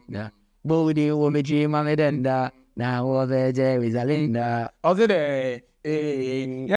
na gbɔwu de wo mi ma mi dɛ nda na wɔ fɛ jɛ wizali dɛ.